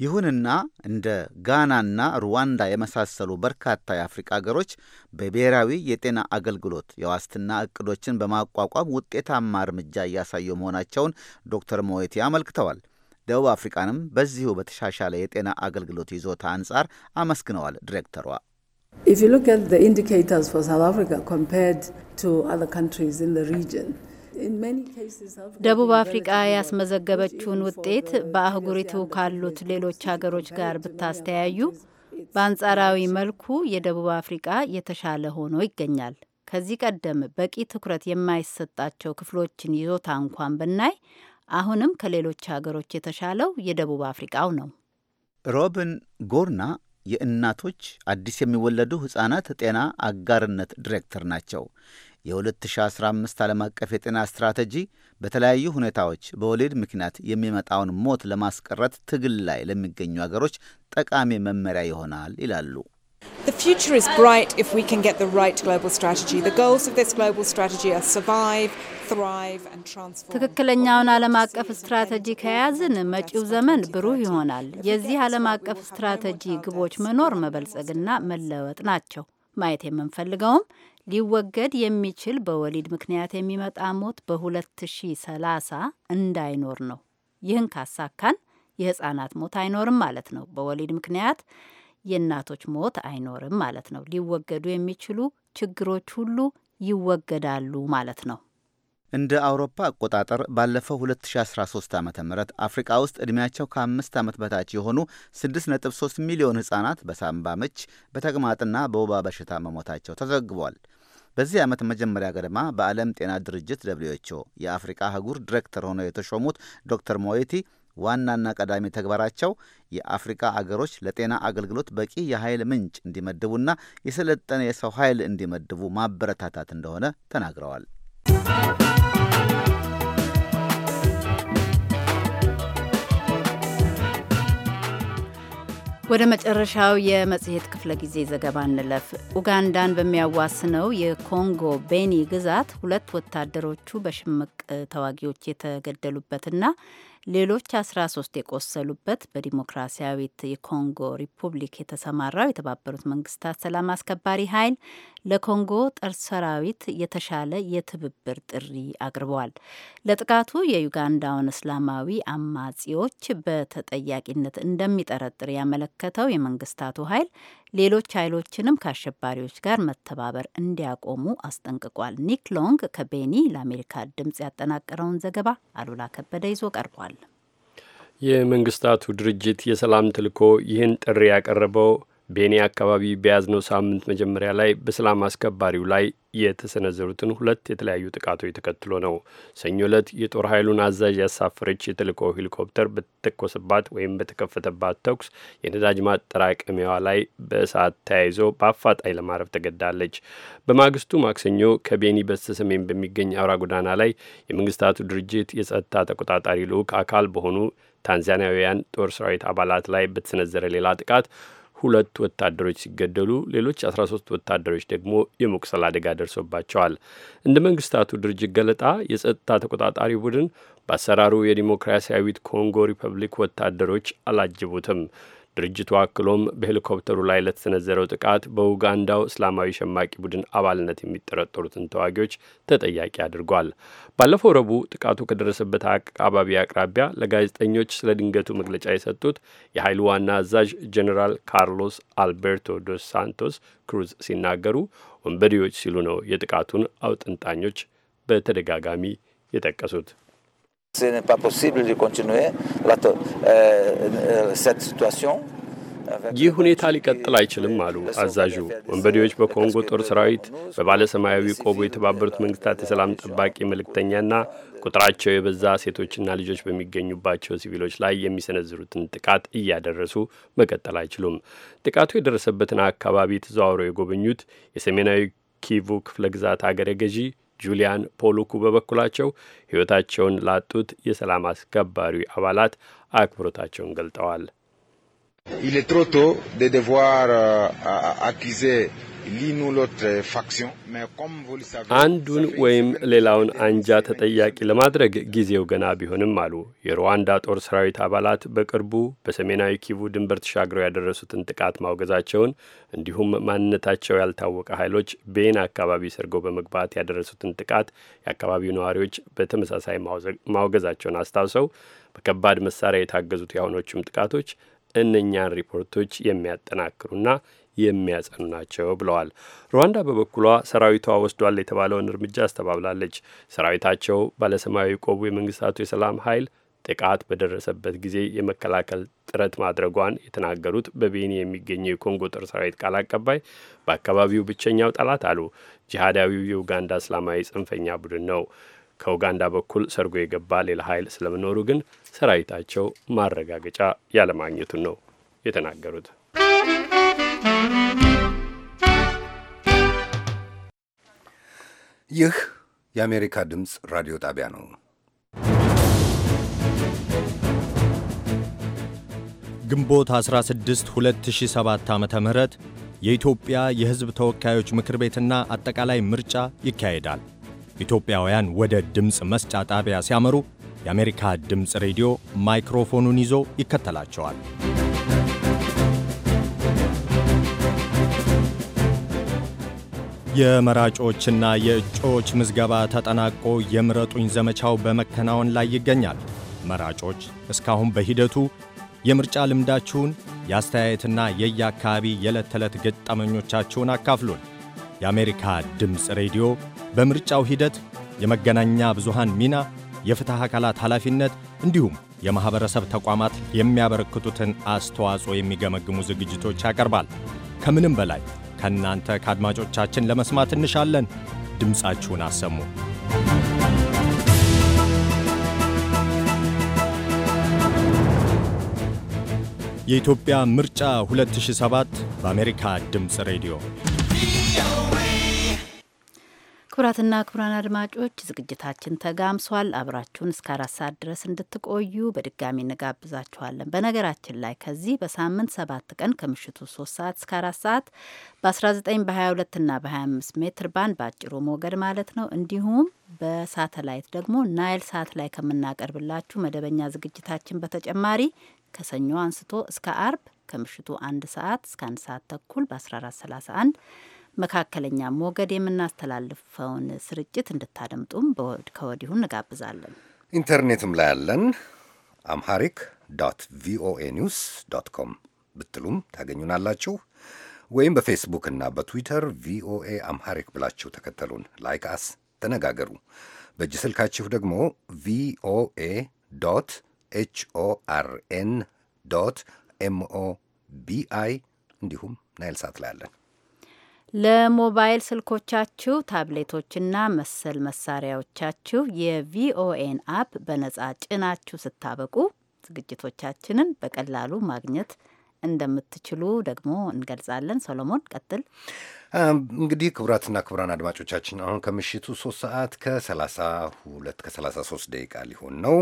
ይሁንና እንደ ጋናና ሩዋንዳ የመሳሰሉ በርካታ የአፍሪቃ አገሮች በብሔራዊ የጤና አገልግሎት የዋስትና እቅዶችን በማቋቋም ውጤታማ እርምጃ እያሳዩ መሆናቸውን ዶክተር ሞየቲ አመልክተዋል። ደቡብ አፍሪካንም በዚሁ በተሻሻለ የጤና አገልግሎት ይዞታ አንጻር አመስግነዋል ዲሬክተሯ። If you look at the indicators for South Africa compared to other countries in the region, ደቡብ አፍሪቃ ያስመዘገበችውን ውጤት በአህጉሪቱ ካሉት ሌሎች ሀገሮች ጋር ብታስተያዩ በአንጻራዊ መልኩ የደቡብ አፍሪቃ የተሻለ ሆኖ ይገኛል። ከዚህ ቀደም በቂ ትኩረት የማይሰጣቸው ክፍሎችን ይዞታ እንኳን ብናይ አሁንም ከሌሎች ሀገሮች የተሻለው የደቡብ አፍሪቃው ነው። ሮብን ጎርና የእናቶች አዲስ የሚወለዱ ሕፃናት ጤና አጋርነት ዲሬክተር ናቸው። የ2015 ዓለም አቀፍ የጤና ስትራቴጂ በተለያዩ ሁኔታዎች በወሊድ ምክንያት የሚመጣውን ሞት ለማስቀረት ትግል ላይ ለሚገኙ አገሮች ጠቃሚ መመሪያ ይሆናል ይላሉ። The future is bright if we can get the right global strategy. The goals of this global strategy are survive, thrive and transform. ትክክለኛውን ዓለም አቀፍ ስትራቴጂ ከያዝን መጪው ዘመን ብሩህ ይሆናል። የዚህ ዓለም አቀፍ ስትራቴጂ ግቦች መኖር መበልጸግና መለወጥ ናቸው። ማየት የምንፈልገውም ሊወገድ የሚችል በወሊድ ምክንያት የሚመጣ ሞት በ2030 እንዳይኖር ነው። ይህን ካሳካን የህጻናት ሞት አይኖርም ማለት ነው። በወሊድ ምክንያት የእናቶች ሞት አይኖርም ማለት ነው። ሊወገዱ የሚችሉ ችግሮች ሁሉ ይወገዳሉ ማለት ነው። እንደ አውሮፓ አቆጣጠር ባለፈው 2013 ዓ ም አፍሪቃ ውስጥ ዕድሜያቸው ከአምስት ዓመት በታች የሆኑ 6.3 ሚሊዮን ሕፃናት በሳምባ ምች በተቅማጥና በወባ በሽታ መሞታቸው ተዘግቧል። በዚህ ዓመት መጀመሪያ ገደማ በዓለም ጤና ድርጅት ደብሊው የአፍሪቃ አህጉር ዲሬክተር ሆነው የተሾሙት ዶክተር ሞይቲ ዋናና ቀዳሚ ተግባራቸው የአፍሪካ አገሮች ለጤና አገልግሎት በቂ የኃይል ምንጭ እንዲመድቡና የሰለጠነ የሰው ኃይል እንዲመድቡ ማበረታታት እንደሆነ ተናግረዋል። ወደ መጨረሻው የመጽሔት ክፍለ ጊዜ ዘገባ እንለፍ። ኡጋንዳን በሚያዋስነው የኮንጎ ቤኒ ግዛት ሁለት ወታደሮቹ በሽምቅ ተዋጊዎች የተገደሉበትና ሌሎች 13 የቆሰሉበት በዲሞክራሲያዊት የኮንጎ ሪፑብሊክ የተሰማራው የተባበሩት መንግስታት ሰላም አስከባሪ ኃይል ለኮንጎ ጦር ሰራዊት የተሻለ የትብብር ጥሪ አቅርበዋል። ለጥቃቱ የዩጋንዳውን እስላማዊ አማጺዎች በተጠያቂነት እንደሚጠረጥር ያመለከተው የመንግስታቱ ኃይል ሌሎች ኃይሎችንም ከአሸባሪዎች ጋር መተባበር እንዲያቆሙ አስጠንቅቋል። ኒክ ሎንግ ከቤኒ ለአሜሪካ ድምጽ ያጠናቀረውን ዘገባ አሉላ ከበደ ይዞ ቀርቧል። የመንግስታቱ ድርጅት የሰላም ትልኮ ይህን ጥሪ ያቀረበው ቤኒ አካባቢ በያዝነው ሳምንት መጀመሪያ ላይ በሰላም አስከባሪው ላይ የተሰነዘሩትን ሁለት የተለያዩ ጥቃቶች ተከትሎ ነው። ሰኞ ዕለት የጦር ኃይሉን አዛዥ ያሳፈረች የተልእኮ ሄሊኮፕተር በተተኮሰባት ወይም በተከፈተባት ተኩስ የነዳጅ ማጠራቀሚያዋ ላይ በእሳት ተያይዞ በአፋጣኝ ለማረፍ ተገዳለች። በማግስቱ ማክሰኞ ከቤኒ በስተሰሜን በሚገኝ አውራ ጎዳና ላይ የመንግስታቱ ድርጅት የጸጥታ ተቆጣጣሪ ልዑክ አካል በሆኑ ታንዛኒያውያን ጦር ሰራዊት አባላት ላይ በተሰነዘረ ሌላ ጥቃት ሁለት ወታደሮች ሲገደሉ ሌሎች 13 ወታደሮች ደግሞ የመቁሰል አደጋ ደርሶባቸዋል። እንደ መንግስታቱ ድርጅት ገለጣ የጸጥታ ተቆጣጣሪ ቡድን በአሰራሩ የዲሞክራሲያዊት ኮንጎ ሪፐብሊክ ወታደሮች አላጅቡትም። ድርጅቱ አክሎም በሄሊኮፕተሩ ላይ ለተሰነዘረው ጥቃት በኡጋንዳው እስላማዊ ሸማቂ ቡድን አባልነት የሚጠረጠሩትን ተዋጊዎች ተጠያቂ አድርጓል። ባለፈው ረቡዕ ጥቃቱ ከደረሰበት አካባቢ አቅራቢያ ለጋዜጠኞች ስለ ድንገቱ መግለጫ የሰጡት የኃይሉ ዋና አዛዥ ጀኔራል ካርሎስ አልቤርቶ ዶስ ሳንቶስ ክሩዝ ሲናገሩ ወንበዴዎች ሲሉ ነው የጥቃቱን አውጥንጣኞች በተደጋጋሚ የጠቀሱት። Ce n'est pas possible de continuer euh, euh, cette situation. ይህ ሁኔታ ሊቀጥል አይችልም አሉ አዛዡ። ወንበዴዎች በኮንጎ ጦር ሰራዊት በባለ ሰማያዊ ቆቡ የተባበሩት መንግስታት የሰላም ጠባቂ መልእክተኛና ቁጥራቸው የበዛ ሴቶችና ልጆች በሚገኙባቸው ሲቪሎች ላይ የሚሰነዝሩትን ጥቃት እያደረሱ መቀጠል አይችሉም። ጥቃቱ የደረሰበትን አካባቢ ተዘዋውረው የጎበኙት የሰሜናዊ ኪቩ ክፍለ ግዛት አገረ ገዢ ጁሊያን ፖሉኩ በበኩላቸው ሕይወታቸውን ላጡት የሰላም አስከባሪ አባላት አክብሮታቸውን ገልጠዋል። አኪዜ አንዱን ወይም ሌላውን አንጃ ተጠያቂ ለማድረግ ጊዜው ገና ቢሆንም አሉ የሩዋንዳ ጦር ሰራዊት አባላት በቅርቡ በሰሜናዊ ኪቡ ድንበር ተሻግረው ያደረሱትን ጥቃት ማውገዛቸውን እንዲሁም ማንነታቸው ያልታወቀ ኃይሎች ቤን አካባቢ ሰርገው በመግባት ያደረሱትን ጥቃት የአካባቢው ነዋሪዎች በተመሳሳይ ማውገዛቸውን አስታውሰው በከባድ መሳሪያ የታገዙት የአሁኖቹም ጥቃቶች እነኛን ሪፖርቶች የሚያጠናክሩና የሚያጸኑ ናቸው ብለዋል። ሩዋንዳ በበኩሏ ሰራዊቷ ወስዷል የተባለውን እርምጃ አስተባብላለች። ሰራዊታቸው ባለሰማያዊ ቆቡ የመንግስታቱ የሰላም ኃይል ጥቃት በደረሰበት ጊዜ የመከላከል ጥረት ማድረጓን የተናገሩት በቤኒ የሚገኘው የኮንጎ ጦር ሰራዊት ቃል አቀባይ በአካባቢው ብቸኛው ጠላት አሉ ጂሃዳዊው የኡጋንዳ እስላማዊ ጽንፈኛ ቡድን ነው። ከኡጋንዳ በኩል ሰርጎ የገባ ሌላ ኃይል ስለመኖሩ ግን ሰራዊታቸው ማረጋገጫ ያለማግኘቱን ነው የተናገሩት። ይህ የአሜሪካ ድምፅ ራዲዮ ጣቢያ ነው። ግንቦት 16 2007 ዓ ም የኢትዮጵያ የሕዝብ ተወካዮች ምክር ቤትና አጠቃላይ ምርጫ ይካሄዳል። ኢትዮጵያውያን ወደ ድምፅ መስጫ ጣቢያ ሲያመሩ የአሜሪካ ድምፅ ሬዲዮ ማይክሮፎኑን ይዞ ይከተላቸዋል። የመራጮችና የእጩዎች ምዝገባ ተጠናቆ የምረጡኝ ዘመቻው በመከናወን ላይ ይገኛል። መራጮች እስካሁን በሂደቱ የምርጫ ልምዳችሁን የአስተያየትና የየአካባቢ የዕለት ተዕለት ገጠመኞቻችሁን አካፍሉን። የአሜሪካ ድምፅ ሬዲዮ በምርጫው ሂደት የመገናኛ ብዙሃን ሚና፣ የፍትሕ አካላት ኃላፊነት እንዲሁም የማኅበረሰብ ተቋማት የሚያበረክቱትን አስተዋጽኦ የሚገመግሙ ዝግጅቶች ያቀርባል። ከምንም በላይ ከእናንተ ከአድማጮቻችን ለመስማት እንሻለን። ድምፃችሁን አሰሙ። የኢትዮጵያ ምርጫ 2007 በአሜሪካ ድምፅ ሬዲዮ ክቡራትና ክቡራን አድማጮች ዝግጅታችን ተጋምሷል። አብራችሁን እስከ አራት ሰዓት ድረስ እንድትቆዩ በድጋሚ እንጋብዛችኋለን። በነገራችን ላይ ከዚህ በሳምንት ሰባት ቀን ከምሽቱ ሶስት ሰዓት እስከ አራት ሰዓት በ19 በ22 እና በ25 ሜትር ባንድ በአጭሩ ሞገድ ማለት ነው እንዲሁም በሳተላይት ደግሞ ናይል ሳት ላይ ከምናቀርብላችሁ መደበኛ ዝግጅታችን በተጨማሪ ከሰኞ አንስቶ እስከ አርብ ከምሽቱ አንድ ሰዓት እስከ አንድ ሰዓት ተኩል በ1431 መካከለኛ ሞገድ የምናስተላልፈውን ስርጭት እንድታደምጡም ከወዲሁ እንጋብዛለን። ኢንተርኔትም ላይ ያለን አምሃሪክ ዶት ቪኦኤ ኒውስ ዶት ኮም ብትሉም ታገኙናላችሁ። ወይም በፌስቡክ እና በትዊተር ቪኦኤ አምሃሪክ ብላችሁ ተከተሉን፣ ላይክ አስ፣ ተነጋገሩ። በእጅ ስልካችሁ ደግሞ ቪኦኤ ዶት ኤችኦአርኤን ዶት ኤምኦቢአይ እንዲሁም ናይል ሳት ላይ ያለን ለሞባይል ስልኮቻችሁ ታብሌቶችና መሰል መሳሪያዎቻችሁ የቪኦኤን አፕ በነጻ ጭናችሁ ስታበቁ ዝግጅቶቻችንን በቀላሉ ማግኘት እንደምትችሉ ደግሞ እንገልጻለን። ሶሎሞን ቀጥል። እንግዲህ ክቡራትና ክቡራን አድማጮቻችን አሁን ከምሽቱ ሶስት ሰዓት ከሰላሳ ሁለት ከሰላሳ ሶስት ደቂቃ ሊሆን ነው።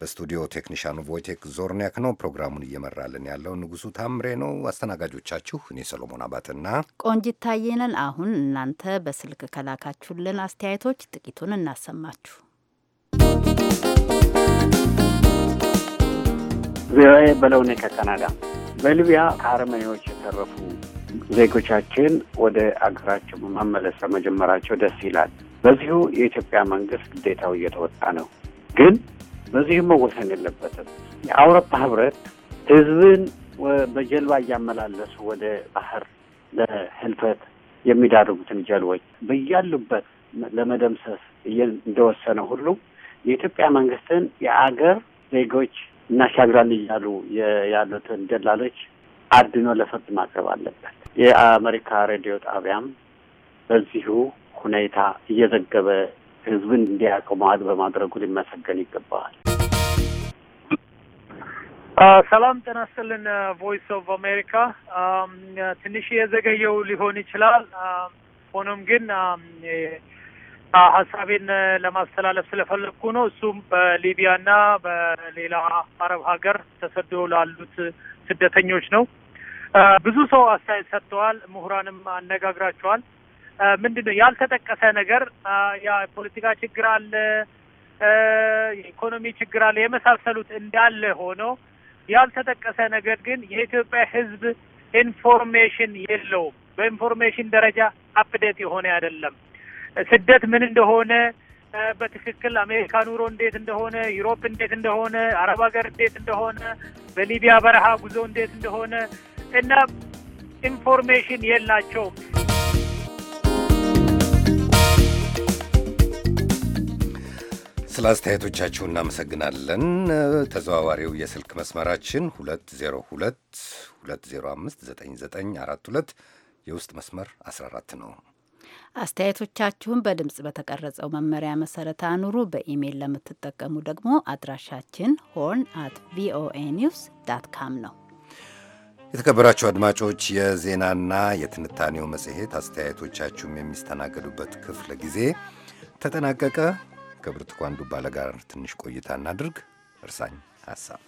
በስቱዲዮ ቴክኒሻኑ ቮይቴክ ዞርኒያክ ነው። ፕሮግራሙን እየመራልን ያለው ንጉሱ ታምሬ ነው። አስተናጋጆቻችሁ እኔ ሰሎሞን አባትና ቆንጂት ታየ አሁን እናንተ በስልክ ከላካችሁልን አስተያየቶች ጥቂቱን እናሰማችሁ። ቪኦኤ በለውኔ ከካናዳ በሊቢያ ከአረመኔዎች የተረፉ ዜጎቻችን ወደ አገራቸው መመለስ በመጀመራቸው ደስ ይላል። በዚሁ የኢትዮጵያ መንግስት ግዴታው እየተወጣ ነው ግን በዚህም መወሰን የለበትም። የአውሮፓ ህብረት ህዝብን በጀልባ እያመላለሱ ወደ ባህር ለህልፈት የሚዳርጉትን ጀልቦች በያሉበት ለመደምሰስ እንደወሰነ ሁሉ የኢትዮጵያ መንግስትን የአገር ዜጎች እናሻግራል እያሉ ያሉትን ደላሎች አድኖ ለፍርድ ማቅረብ አለበት። የአሜሪካ ሬዲዮ ጣቢያም በዚሁ ሁኔታ እየዘገበ ህዝብን እንዲያውቀው ማዕድ በማድረጉ ሊመሰገን ይገባዋል። ሰላም ጤና ይስጥልን። ቮይስ ኦፍ አሜሪካ ትንሽ የዘገየው ሊሆን ይችላል። ሆኖም ግን ሀሳቤን ለማስተላለፍ ስለፈለግኩ ነው። እሱም በሊቢያና በሌላ አረብ ሀገር ተሰዶ ላሉት ስደተኞች ነው። ብዙ ሰው አስተያየት ሰጥተዋል። ምሁራንም አነጋግራቸዋል። ምንድን ነው ያልተጠቀሰ ነገር የፖለቲካ ችግር አለ፣ የኢኮኖሚ ችግር አለ፣ የመሳሰሉት እንዳለ ሆኖ ያልተጠቀሰ ነገር ግን የኢትዮጵያ ሕዝብ ኢንፎርሜሽን የለውም። በኢንፎርሜሽን ደረጃ አፕዴት የሆነ አይደለም። ስደት ምን እንደሆነ በትክክል አሜሪካ ኑሮ እንዴት እንደሆነ፣ ዩሮፕ እንዴት እንደሆነ፣ አረብ ሀገር እንዴት እንደሆነ፣ በሊቢያ በረሃ ጉዞ እንዴት እንደሆነ እና ኢንፎርሜሽን የላቸውም። ስለ አስተያየቶቻችሁ እናመሰግናለን። ተዘዋዋሪው የስልክ መስመራችን 2022059942 የውስጥ መስመር 14 ነው። አስተያየቶቻችሁን በድምፅ በተቀረጸው መመሪያ መሰረት አኑሩ። በኢሜይል ለምትጠቀሙ ደግሞ አድራሻችን ሆርን አት ቪኦኤ ኒውስ ዳት ካም ነው። የተከበራችሁ አድማጮች የዜናና የትንታኔው መጽሔት አስተያየቶቻችሁም የሚስተናገዱበት ክፍለ ጊዜ ተጠናቀቀ። ከብርቱካን ዱባለ ጋር ትንሽ ቆይታ እናድርግ። እርሳኝ ሀሳብ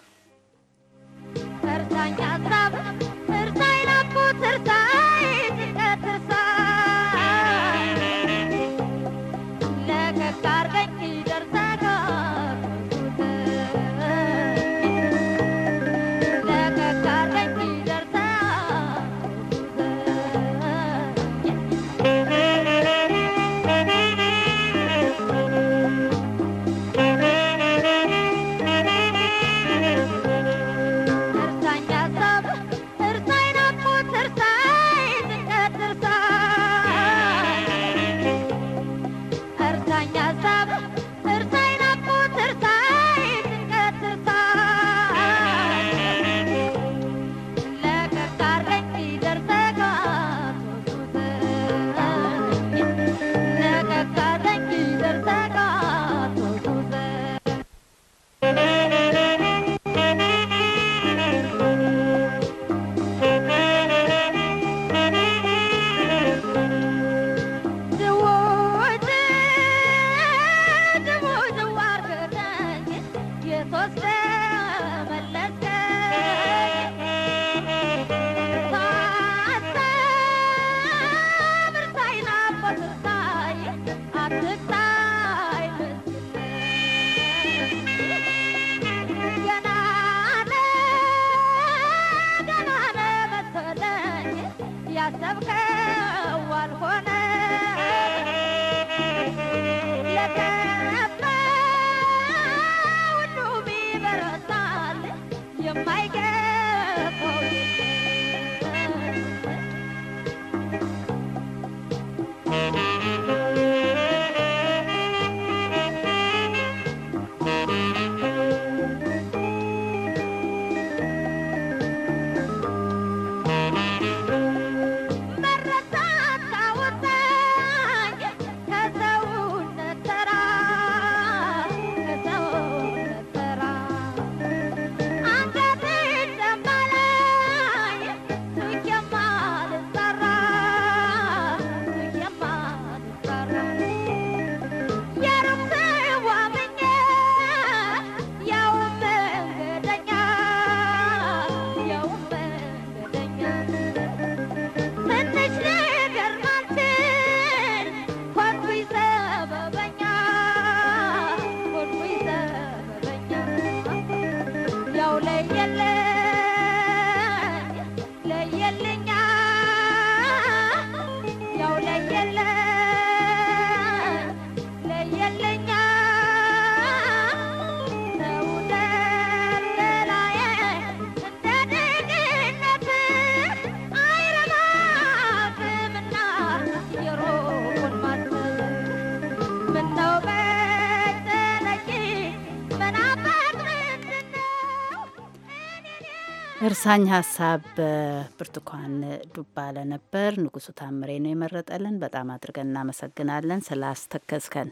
ወሳኝ ሀሳብ በብርቱካን ዱባ ነበር። ንጉሱ ታምሬ ነው የመረጠልን። በጣም አድርገን እናመሰግናለን ስላስተከዝከን።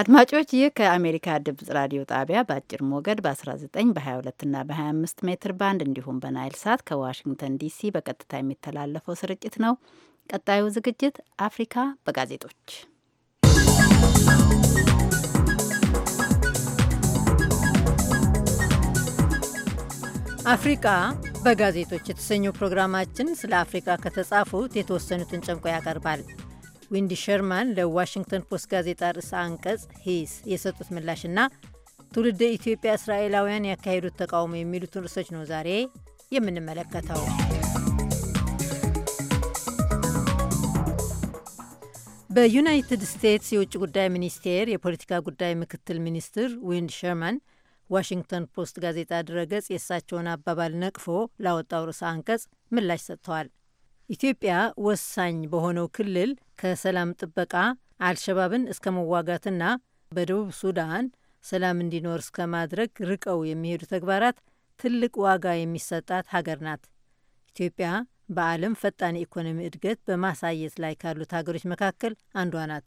አድማጮች ይህ ከአሜሪካ ድምጽ ራዲዮ ጣቢያ በአጭር ሞገድ በ19 በ22 እና በ25 ሜትር ባንድ እንዲሁም በናይል ሳት ከዋሽንግተን ዲሲ በቀጥታ የሚተላለፈው ስርጭት ነው። ቀጣዩ ዝግጅት አፍሪካ በጋዜጦች አፍሪቃ በጋዜጦች የተሰኘው ፕሮግራማችን ስለ አፍሪቃ ከተጻፉት የተወሰኑትን ጨምቆ ያቀርባል። ዊንዲ ሸርማን ለዋሽንግተን ፖስት ጋዜጣ ርዕሰ አንቀጽ ሂስ የሰጡት ምላሽና ትውልደ ኢትዮጵያ እስራኤላውያን ያካሄዱት ተቃውሞ የሚሉትን ርዕሶች ነው ዛሬ የምንመለከተው። በዩናይትድ ስቴትስ የውጭ ጉዳይ ሚኒስቴር የፖለቲካ ጉዳይ ምክትል ሚኒስትር ዊንድ ሸርማን ዋሽንግተን ፖስት ጋዜጣ ድረገጽ የእሳቸውን አባባል ነቅፎ ላወጣው ርዕሰ አንቀጽ ምላሽ ሰጥተዋል። ኢትዮጵያ ወሳኝ በሆነው ክልል ከሰላም ጥበቃ አልሸባብን እስከ መዋጋትና በደቡብ ሱዳን ሰላም እንዲኖር እስከ ማድረግ ርቀው የሚሄዱ ተግባራት ትልቅ ዋጋ የሚሰጣት ሀገር ናት። ኢትዮጵያ በዓለም ፈጣን የኢኮኖሚ እድገት በማሳየት ላይ ካሉት ሀገሮች መካከል አንዷ ናት።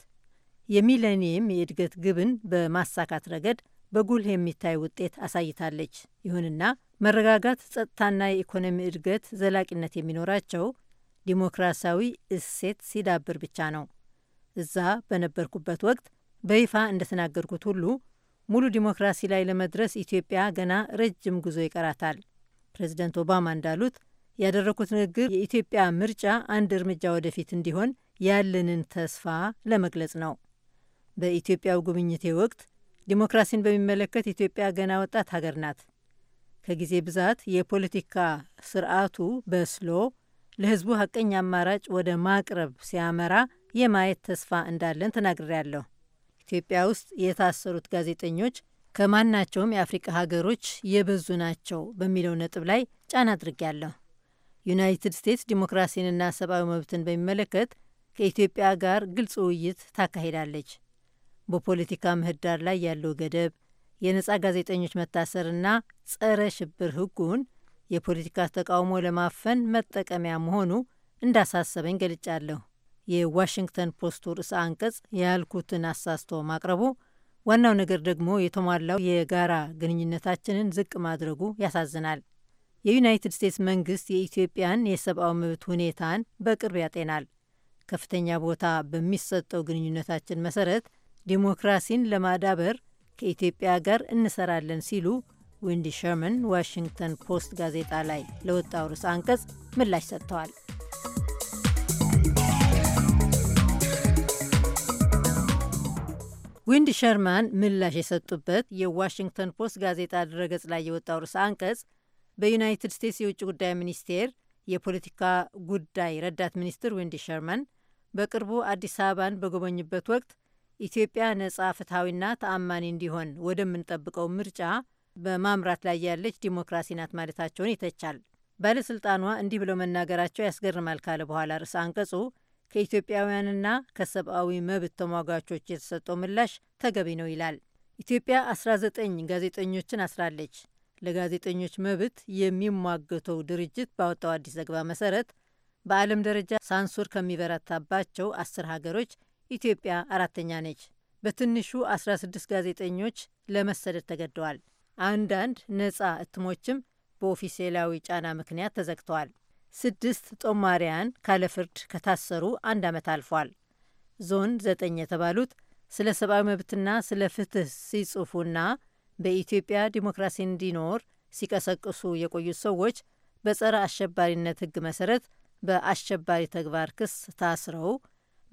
የሚሌኒየም የእድገት ግብን በማሳካት ረገድ በጉልህ የሚታይ ውጤት አሳይታለች። ይሁንና መረጋጋት፣ ጸጥታና የኢኮኖሚ እድገት ዘላቂነት የሚኖራቸው ዲሞክራሲያዊ እሴት ሲዳብር ብቻ ነው። እዛ በነበርኩበት ወቅት በይፋ እንደተናገርኩት ሁሉ ሙሉ ዲሞክራሲ ላይ ለመድረስ ኢትዮጵያ ገና ረጅም ጉዞ ይቀራታል። ፕሬዚደንት ኦባማ እንዳሉት ያደረኩት ንግግር የኢትዮጵያ ምርጫ አንድ እርምጃ ወደፊት እንዲሆን ያለንን ተስፋ ለመግለጽ ነው። በኢትዮጵያው ጉብኝቴ ወቅት ዲሞክራሲን በሚመለከት ኢትዮጵያ ገና ወጣት ሀገር ናት። ከጊዜ ብዛት የፖለቲካ ስርዓቱ በስሎ ለህዝቡ ሀቀኛ አማራጭ ወደ ማቅረብ ሲያመራ የማየት ተስፋ እንዳለን ተናግሬያለሁ። ኢትዮጵያ ውስጥ የታሰሩት ጋዜጠኞች ከማናቸውም የአፍሪቃ ሀገሮች የበዙ ናቸው በሚለው ነጥብ ላይ ጫና አድርጌያለሁ። ዩናይትድ ስቴትስ ዲሞክራሲንና ሰብአዊ መብትን በሚመለከት ከኢትዮጵያ ጋር ግልጽ ውይይት ታካሂዳለች። በፖለቲካ ምህዳር ላይ ያለው ገደብ፣ የነጻ ጋዜጠኞች መታሰርና ጸረ ሽብር ህጉን የፖለቲካ ተቃውሞ ለማፈን መጠቀሚያ መሆኑ እንዳሳሰበኝ ገልጫለሁ። የዋሽንግተን ፖስቱ ርዕሰ አንቀጽ ያልኩትን አሳስቶ ማቅረቡ ዋናው ነገር ደግሞ የተሟላው የጋራ ግንኙነታችንን ዝቅ ማድረጉ ያሳዝናል። የዩናይትድ ስቴትስ መንግስት የኢትዮጵያን የሰብአዊ መብት ሁኔታን በቅርብ ያጤናል። ከፍተኛ ቦታ በሚሰጠው ግንኙነታችን መሰረት ዲሞክራሲን ለማዳበር ከኢትዮጵያ ጋር እንሰራለን ሲሉ ዊንዲ ሸርመን ዋሽንግተን ፖስት ጋዜጣ ላይ ለወጣው ርዕሰ አንቀጽ ምላሽ ሰጥተዋል። ዊንዲ ሸርማን ምላሽ የሰጡበት የዋሽንግተን ፖስት ጋዜጣ ድረገጽ ላይ የወጣው ርዕሰ አንቀጽ በዩናይትድ ስቴትስ የውጭ ጉዳይ ሚኒስቴር የፖለቲካ ጉዳይ ረዳት ሚኒስትር ዊንዲ ሸርማን በቅርቡ አዲስ አበባን በጎበኙበት ወቅት ኢትዮጵያ ነጻ ፍትሐዊና ተአማኒ እንዲሆን ወደምንጠብቀው ምርጫ በማምራት ላይ ያለች ዲሞክራሲ ናት ማለታቸውን ይተቻል። ባለሥልጣኗ እንዲህ ብለው መናገራቸው ያስገርማል ካለ በኋላ ርዕሰ አንቀጹ ከኢትዮጵያውያንና ከሰብአዊ መብት ተሟጋቾች የተሰጠው ምላሽ ተገቢ ነው ይላል። ኢትዮጵያ 19 ጋዜጠኞችን አስራለች። ለጋዜጠኞች መብት የሚሟገተው ድርጅት ባወጣው አዲስ ዘገባ መሰረት በዓለም ደረጃ ሳንሱር ከሚበረታባቸው አስር ሀገሮች ኢትዮጵያ አራተኛ ነች። በትንሹ 16 ጋዜጠኞች ለመሰደድ ተገደዋል። አንዳንድ ነጻ እትሞችም በኦፊሴላዊ ጫና ምክንያት ተዘግተዋል። ስድስት ጦማሪያን ካለ ፍርድ ከታሰሩ አንድ ዓመት አልፏል። ዞን ዘጠኝ የተባሉት ስለ ሰብአዊ መብትና ስለ ፍትህ ሲጽፉና በኢትዮጵያ ዲሞክራሲ እንዲኖር ሲቀሰቅሱ የቆዩት ሰዎች በጸረ አሸባሪነት ሕግ መሰረት በአሸባሪ ተግባር ክስ ታስረው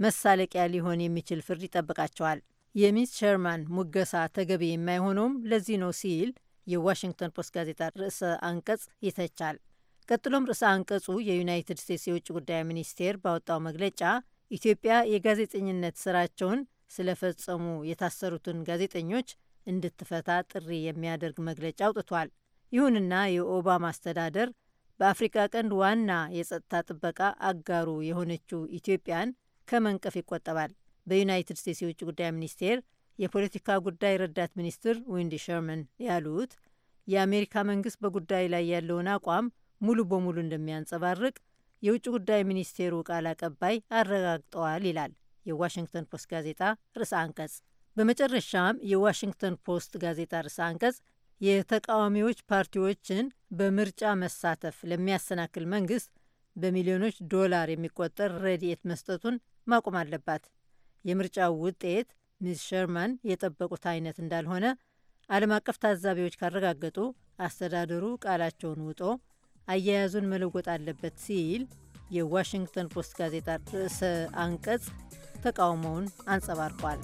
መሳለቂያ ሊሆን የሚችል ፍርድ ይጠብቃቸዋል። የሚስ ሸርማን ሙገሳ ተገቢ የማይሆነውም ለዚህ ነው ሲል የዋሽንግተን ፖስት ጋዜጣ ርዕሰ አንቀጽ ይተቻል። ቀጥሎም ርዕሰ አንቀጹ የዩናይትድ ስቴትስ የውጭ ጉዳይ ሚኒስቴር ባወጣው መግለጫ ኢትዮጵያ የጋዜጠኝነት ስራቸውን ስለፈጸሙ የታሰሩትን ጋዜጠኞች እንድትፈታ ጥሪ የሚያደርግ መግለጫ አውጥቷል። ይሁንና የኦባማ አስተዳደር በአፍሪካ ቀንድ ዋና የጸጥታ ጥበቃ አጋሩ የሆነችው ኢትዮጵያን ከመንቀፍ ይቆጠባል። በዩናይትድ ስቴትስ የውጭ ጉዳይ ሚኒስቴር የፖለቲካ ጉዳይ ረዳት ሚኒስትር ዊንዲ ሸርመን ያሉት የአሜሪካ መንግስት በጉዳይ ላይ ያለውን አቋም ሙሉ በሙሉ እንደሚያንጸባርቅ የውጭ ጉዳይ ሚኒስቴሩ ቃል አቀባይ አረጋግጠዋል ይላል የዋሽንግተን ፖስት ጋዜጣ ርዕሰ አንቀጽ። በመጨረሻም የዋሽንግተን ፖስት ጋዜጣ ርዕሰ አንቀጽ የተቃዋሚዎች ፓርቲዎችን በምርጫ መሳተፍ ለሚያሰናክል መንግስት በሚሊዮኖች ዶላር የሚቆጠር ረድኤት መስጠቱን ማቆም አለባት። የምርጫው ውጤት ሚስ ሸርማን የጠበቁት አይነት እንዳልሆነ ዓለም አቀፍ ታዛቢዎች ካረጋገጡ አስተዳደሩ ቃላቸውን ውጦ አያያዙን መለወጥ አለበት ሲል የዋሽንግተን ፖስት ጋዜጣ ርዕሰ አንቀጽ ተቃውሞውን አንጸባርቋል።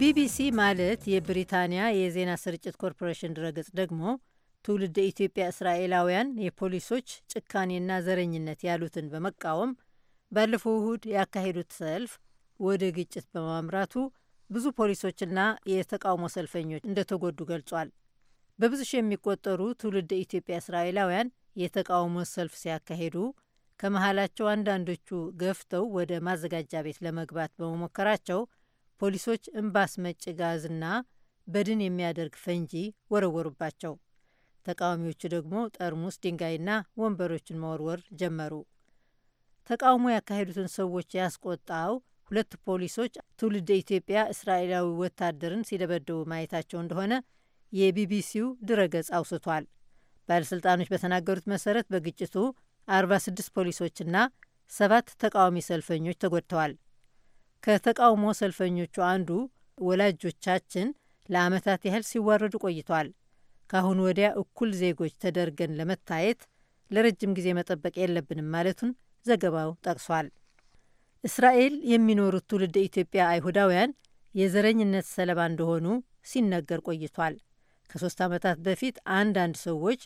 ቢቢሲ ማለት የብሪታንያ የዜና ስርጭት ኮርፖሬሽን ድረገጽ ደግሞ ትውልድ ኢትዮጵያ እስራኤላውያን የፖሊሶች ጭካኔና ዘረኝነት ያሉትን በመቃወም ባለፈው እሁድ ያካሄዱት ሰልፍ ወደ ግጭት በማምራቱ ብዙ ፖሊሶችና የተቃውሞ ሰልፈኞች እንደተጎዱ ገልጿል። በብዙ ሺህ የሚቆጠሩ ትውልድ ኢትዮጵያ እስራኤላውያን የተቃውሞ ሰልፍ ሲያካሂዱ ከመሃላቸው አንዳንዶቹ ገፍተው ወደ ማዘጋጃ ቤት ለመግባት በመሞከራቸው ፖሊሶች እምባስ መጭ ጋዝና በድን የሚያደርግ ፈንጂ ወረወሩባቸው። ተቃዋሚዎቹ ደግሞ ጠርሙስ ድንጋይና ወንበሮችን መወርወር ጀመሩ። ተቃውሞ ያካሄዱትን ሰዎች ያስቆጣው ሁለት ፖሊሶች ትውልድ ኢትዮጵያ እስራኤላዊ ወታደርን ሲደበድቡ ማየታቸው እንደሆነ የቢቢሲው ድረገጽ አውስቷል። ባለሥልጣኖች በተናገሩት መሰረት በግጭቱ 46 ፖሊሶችና ሰባት ተቃዋሚ ሰልፈኞች ተጎድተዋል። ከተቃውሞ ሰልፈኞቹ አንዱ ወላጆቻችን ለዓመታት ያህል ሲዋረዱ ቆይቷል ከአሁን ወዲያ እኩል ዜጎች ተደርገን ለመታየት ለረጅም ጊዜ መጠበቅ የለብንም ማለቱን ዘገባው ጠቅሷል። እስራኤል የሚኖሩት ትውልድ ኢትዮጵያ አይሁዳውያን የዘረኝነት ሰለባ እንደሆኑ ሲነገር ቆይቷል። ከሶስት ዓመታት በፊት አንዳንድ ሰዎች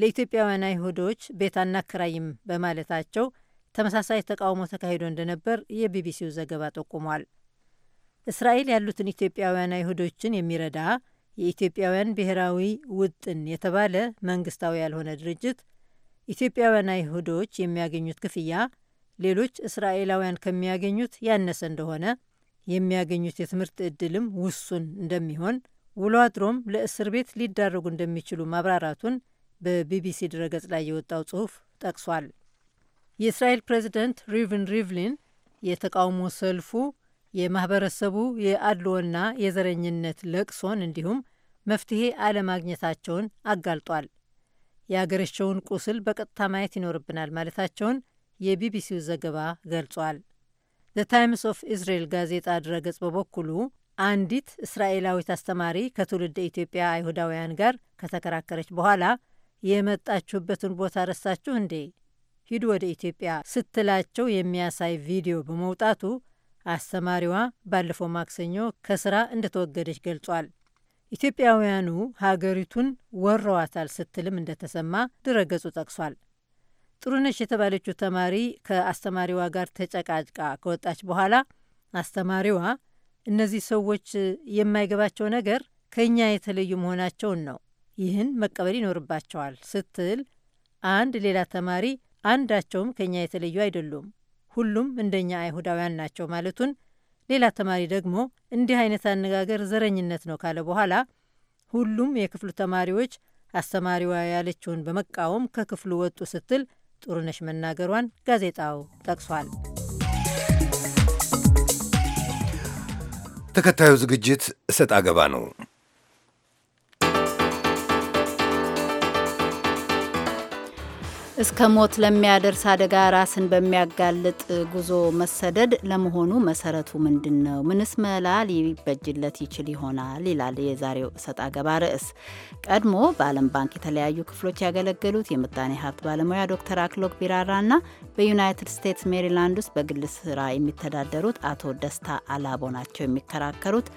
ለኢትዮጵያውያን አይሁዶች ቤት አናከራይም በማለታቸው ተመሳሳይ ተቃውሞ ተካሂዶ እንደነበር የቢቢሲው ዘገባ ጠቁሟል። እስራኤል ያሉትን ኢትዮጵያውያን አይሁዶችን የሚረዳ የኢትዮጵያውያን ብሔራዊ ውጥን የተባለ መንግስታዊ ያልሆነ ድርጅት ኢትዮጵያውያን አይሁዶች የሚያገኙት ክፍያ ሌሎች እስራኤላውያን ከሚያገኙት ያነሰ እንደሆነ፣ የሚያገኙት የትምህርት ዕድልም ውሱን እንደሚሆን፣ ውሎ አድሮም ለእስር ቤት ሊዳረጉ እንደሚችሉ ማብራራቱን በቢቢሲ ድረገጽ ላይ የወጣው ጽሑፍ ጠቅሷል። የእስራኤል ፕሬዚደንት ሪቭን ሪቭሊን የተቃውሞ ሰልፉ የማህበረሰቡ የአድልዎና የዘረኝነት ለቅሶን እንዲሁም መፍትሄ አለማግኘታቸውን አጋልጧል። የአገረቸውን ቁስል በቀጥታ ማየት ይኖርብናል ማለታቸውን የቢቢሲው ዘገባ ገልጿል። ዘ ታይምስ ኦፍ እስራኤል ጋዜጣ ድረገጽ በበኩሉ አንዲት እስራኤላዊት አስተማሪ ከትውልድ ኢትዮጵያ አይሁዳውያን ጋር ከተከራከረች በኋላ የመጣችሁበትን ቦታ ረሳችሁ እንዴ? ሂዱ ወደ ኢትዮጵያ ስትላቸው የሚያሳይ ቪዲዮ በመውጣቱ አስተማሪዋ ባለፈው ማክሰኞ ከስራ እንደተወገደች ገልጿል። ኢትዮጵያውያኑ ሀገሪቱን ወረዋታል ስትልም እንደተሰማ ድረገጹ ጠቅሷል። ጥሩነሽ የተባለችው ተማሪ ከአስተማሪዋ ጋር ተጨቃጭቃ ከወጣች በኋላ አስተማሪዋ እነዚህ ሰዎች የማይገባቸው ነገር ከእኛ የተለዩ መሆናቸውን ነው፣ ይህን መቀበል ይኖርባቸዋል ስትል አንድ ሌላ ተማሪ አንዳቸውም ከእኛ የተለዩ አይደሉም ሁሉም እንደኛ አይሁዳውያን ናቸው ማለቱን፣ ሌላ ተማሪ ደግሞ እንዲህ አይነት አነጋገር ዘረኝነት ነው ካለ በኋላ ሁሉም የክፍሉ ተማሪዎች አስተማሪዋ ያለችውን በመቃወም ከክፍሉ ወጡ ስትል ጥሩነሽ መናገሯን ጋዜጣው ጠቅሷል። ተከታዩ ዝግጅት እሰጥ አገባ ነው። እስከ ሞት ለሚያደርስ አደጋ ራስን በሚያጋልጥ ጉዞ መሰደድ ለመሆኑ መሰረቱ ምንድን ነው? ምንስ መላ ሊበጅለት ይችል ይሆናል? ይላል የዛሬው እሰጥ አገባ ርዕስ። ቀድሞ በዓለም ባንክ የተለያዩ ክፍሎች ያገለገሉት የምጣኔ ሀብት ባለሙያ ዶክተር አክሎግ ቢራራና በዩናይትድ ስቴትስ ሜሪላንድ ውስጥ በግል ስራ የሚተዳደሩት አቶ ደስታ አላቦ ናቸው የሚከራከሩት።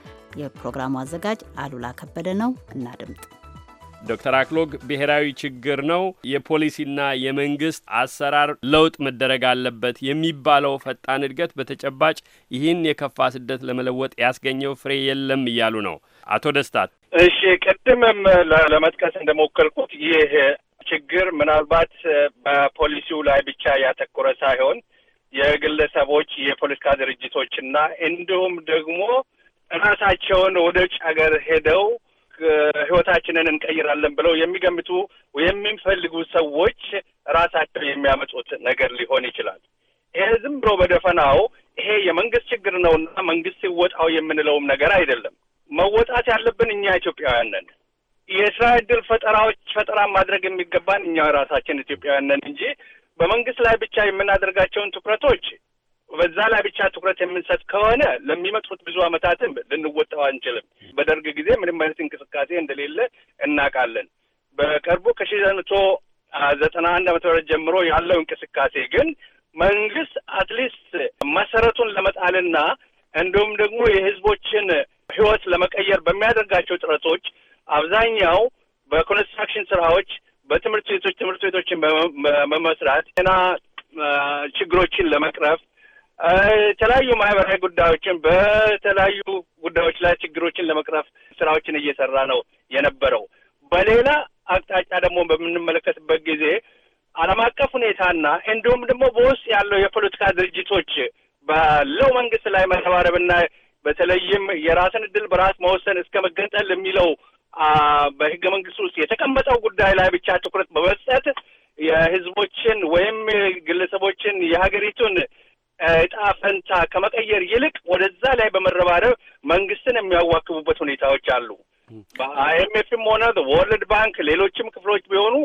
የፕሮግራሙ አዘጋጅ አሉላ ከበደ ነው። እናድምጥ። ዶክተር አክሎግ ብሔራዊ ችግር ነው፣ የፖሊሲና የመንግስት አሰራር ለውጥ መደረግ አለበት የሚባለው ፈጣን እድገት በተጨባጭ ይህን የከፋ ስደት ለመለወጥ ያስገኘው ፍሬ የለም እያሉ ነው አቶ ደስታት። እሺ ቅድምም ለመጥቀስ እንደሞከልኩት ይህ ችግር ምናልባት በፖሊሲው ላይ ብቻ ያተኮረ ሳይሆን የግለሰቦች የፖለቲካ ድርጅቶችና እንዲሁም ደግሞ ራሳቸውን ወደ ውጭ ሀገር ሄደው ህይወታችንን እንቀይራለን ብለው የሚገምቱ የሚፈልጉ ሰዎች ራሳቸው የሚያመጡት ነገር ሊሆን ይችላል። ይሄ ዝም ብሎ በደፈናው ይሄ የመንግስት ችግር ነውና መንግስት ሲወጣው የምንለውም ነገር አይደለም። መወጣት ያለብን እኛ ኢትዮጵያውያን ነን። የስራ ዕድል ፈጠራዎች ፈጠራ ማድረግ የሚገባን እኛ ራሳችን ኢትዮጵያውያን ነን እንጂ በመንግስት ላይ ብቻ የምናደርጋቸውን ትኩረቶች በዛ ላይ ብቻ ትኩረት የምንሰጥ ከሆነ ለሚመጡት ብዙ ዓመታትን ልንወጣው አንችልም። በደርግ ጊዜ ምንም አይነት እንቅስቃሴ እንደሌለ እናውቃለን። በቅርቡ ከሺ ዘንቶ ዘጠና አንድ ዓመተ ምህረት ጀምሮ ያለው እንቅስቃሴ ግን መንግስት አትሊስት መሰረቱን ለመጣልና እንዲሁም ደግሞ የህዝቦችን ህይወት ለመቀየር በሚያደርጋቸው ጥረቶች አብዛኛው በኮንስትራክሽን ስራዎች፣ በትምህርት ቤቶች ትምህርት ቤቶችን በመመስራት ጤና ችግሮችን ለመቅረፍ የተለያዩ ማህበራዊ ጉዳዮችን በተለያዩ ጉዳዮች ላይ ችግሮችን ለመቅረፍ ስራዎችን እየሰራ ነው የነበረው። በሌላ አቅጣጫ ደግሞ በምንመለከትበት ጊዜ ዓለም አቀፍ ሁኔታና እንዲሁም ደግሞ በውስጥ ያለው የፖለቲካ ድርጅቶች ባለው መንግስት ላይ መረባረብና በተለይም የራስን እድል በራስ መወሰን እስከ መገንጠል የሚለው በህገ መንግስት ውስጥ የተቀመጠው ጉዳይ ላይ ብቻ ትኩረት በመስጠት የህዝቦችን ወይም ግለሰቦችን የሀገሪቱን እጣ ፈንታ ከመቀየር ይልቅ ወደዛ ላይ በመረባረብ መንግስትን የሚያዋክቡበት ሁኔታዎች አሉ። በአይኤምኤፍም ሆነ ወርልድ ባንክ ሌሎችም ክፍሎች ቢሆኑ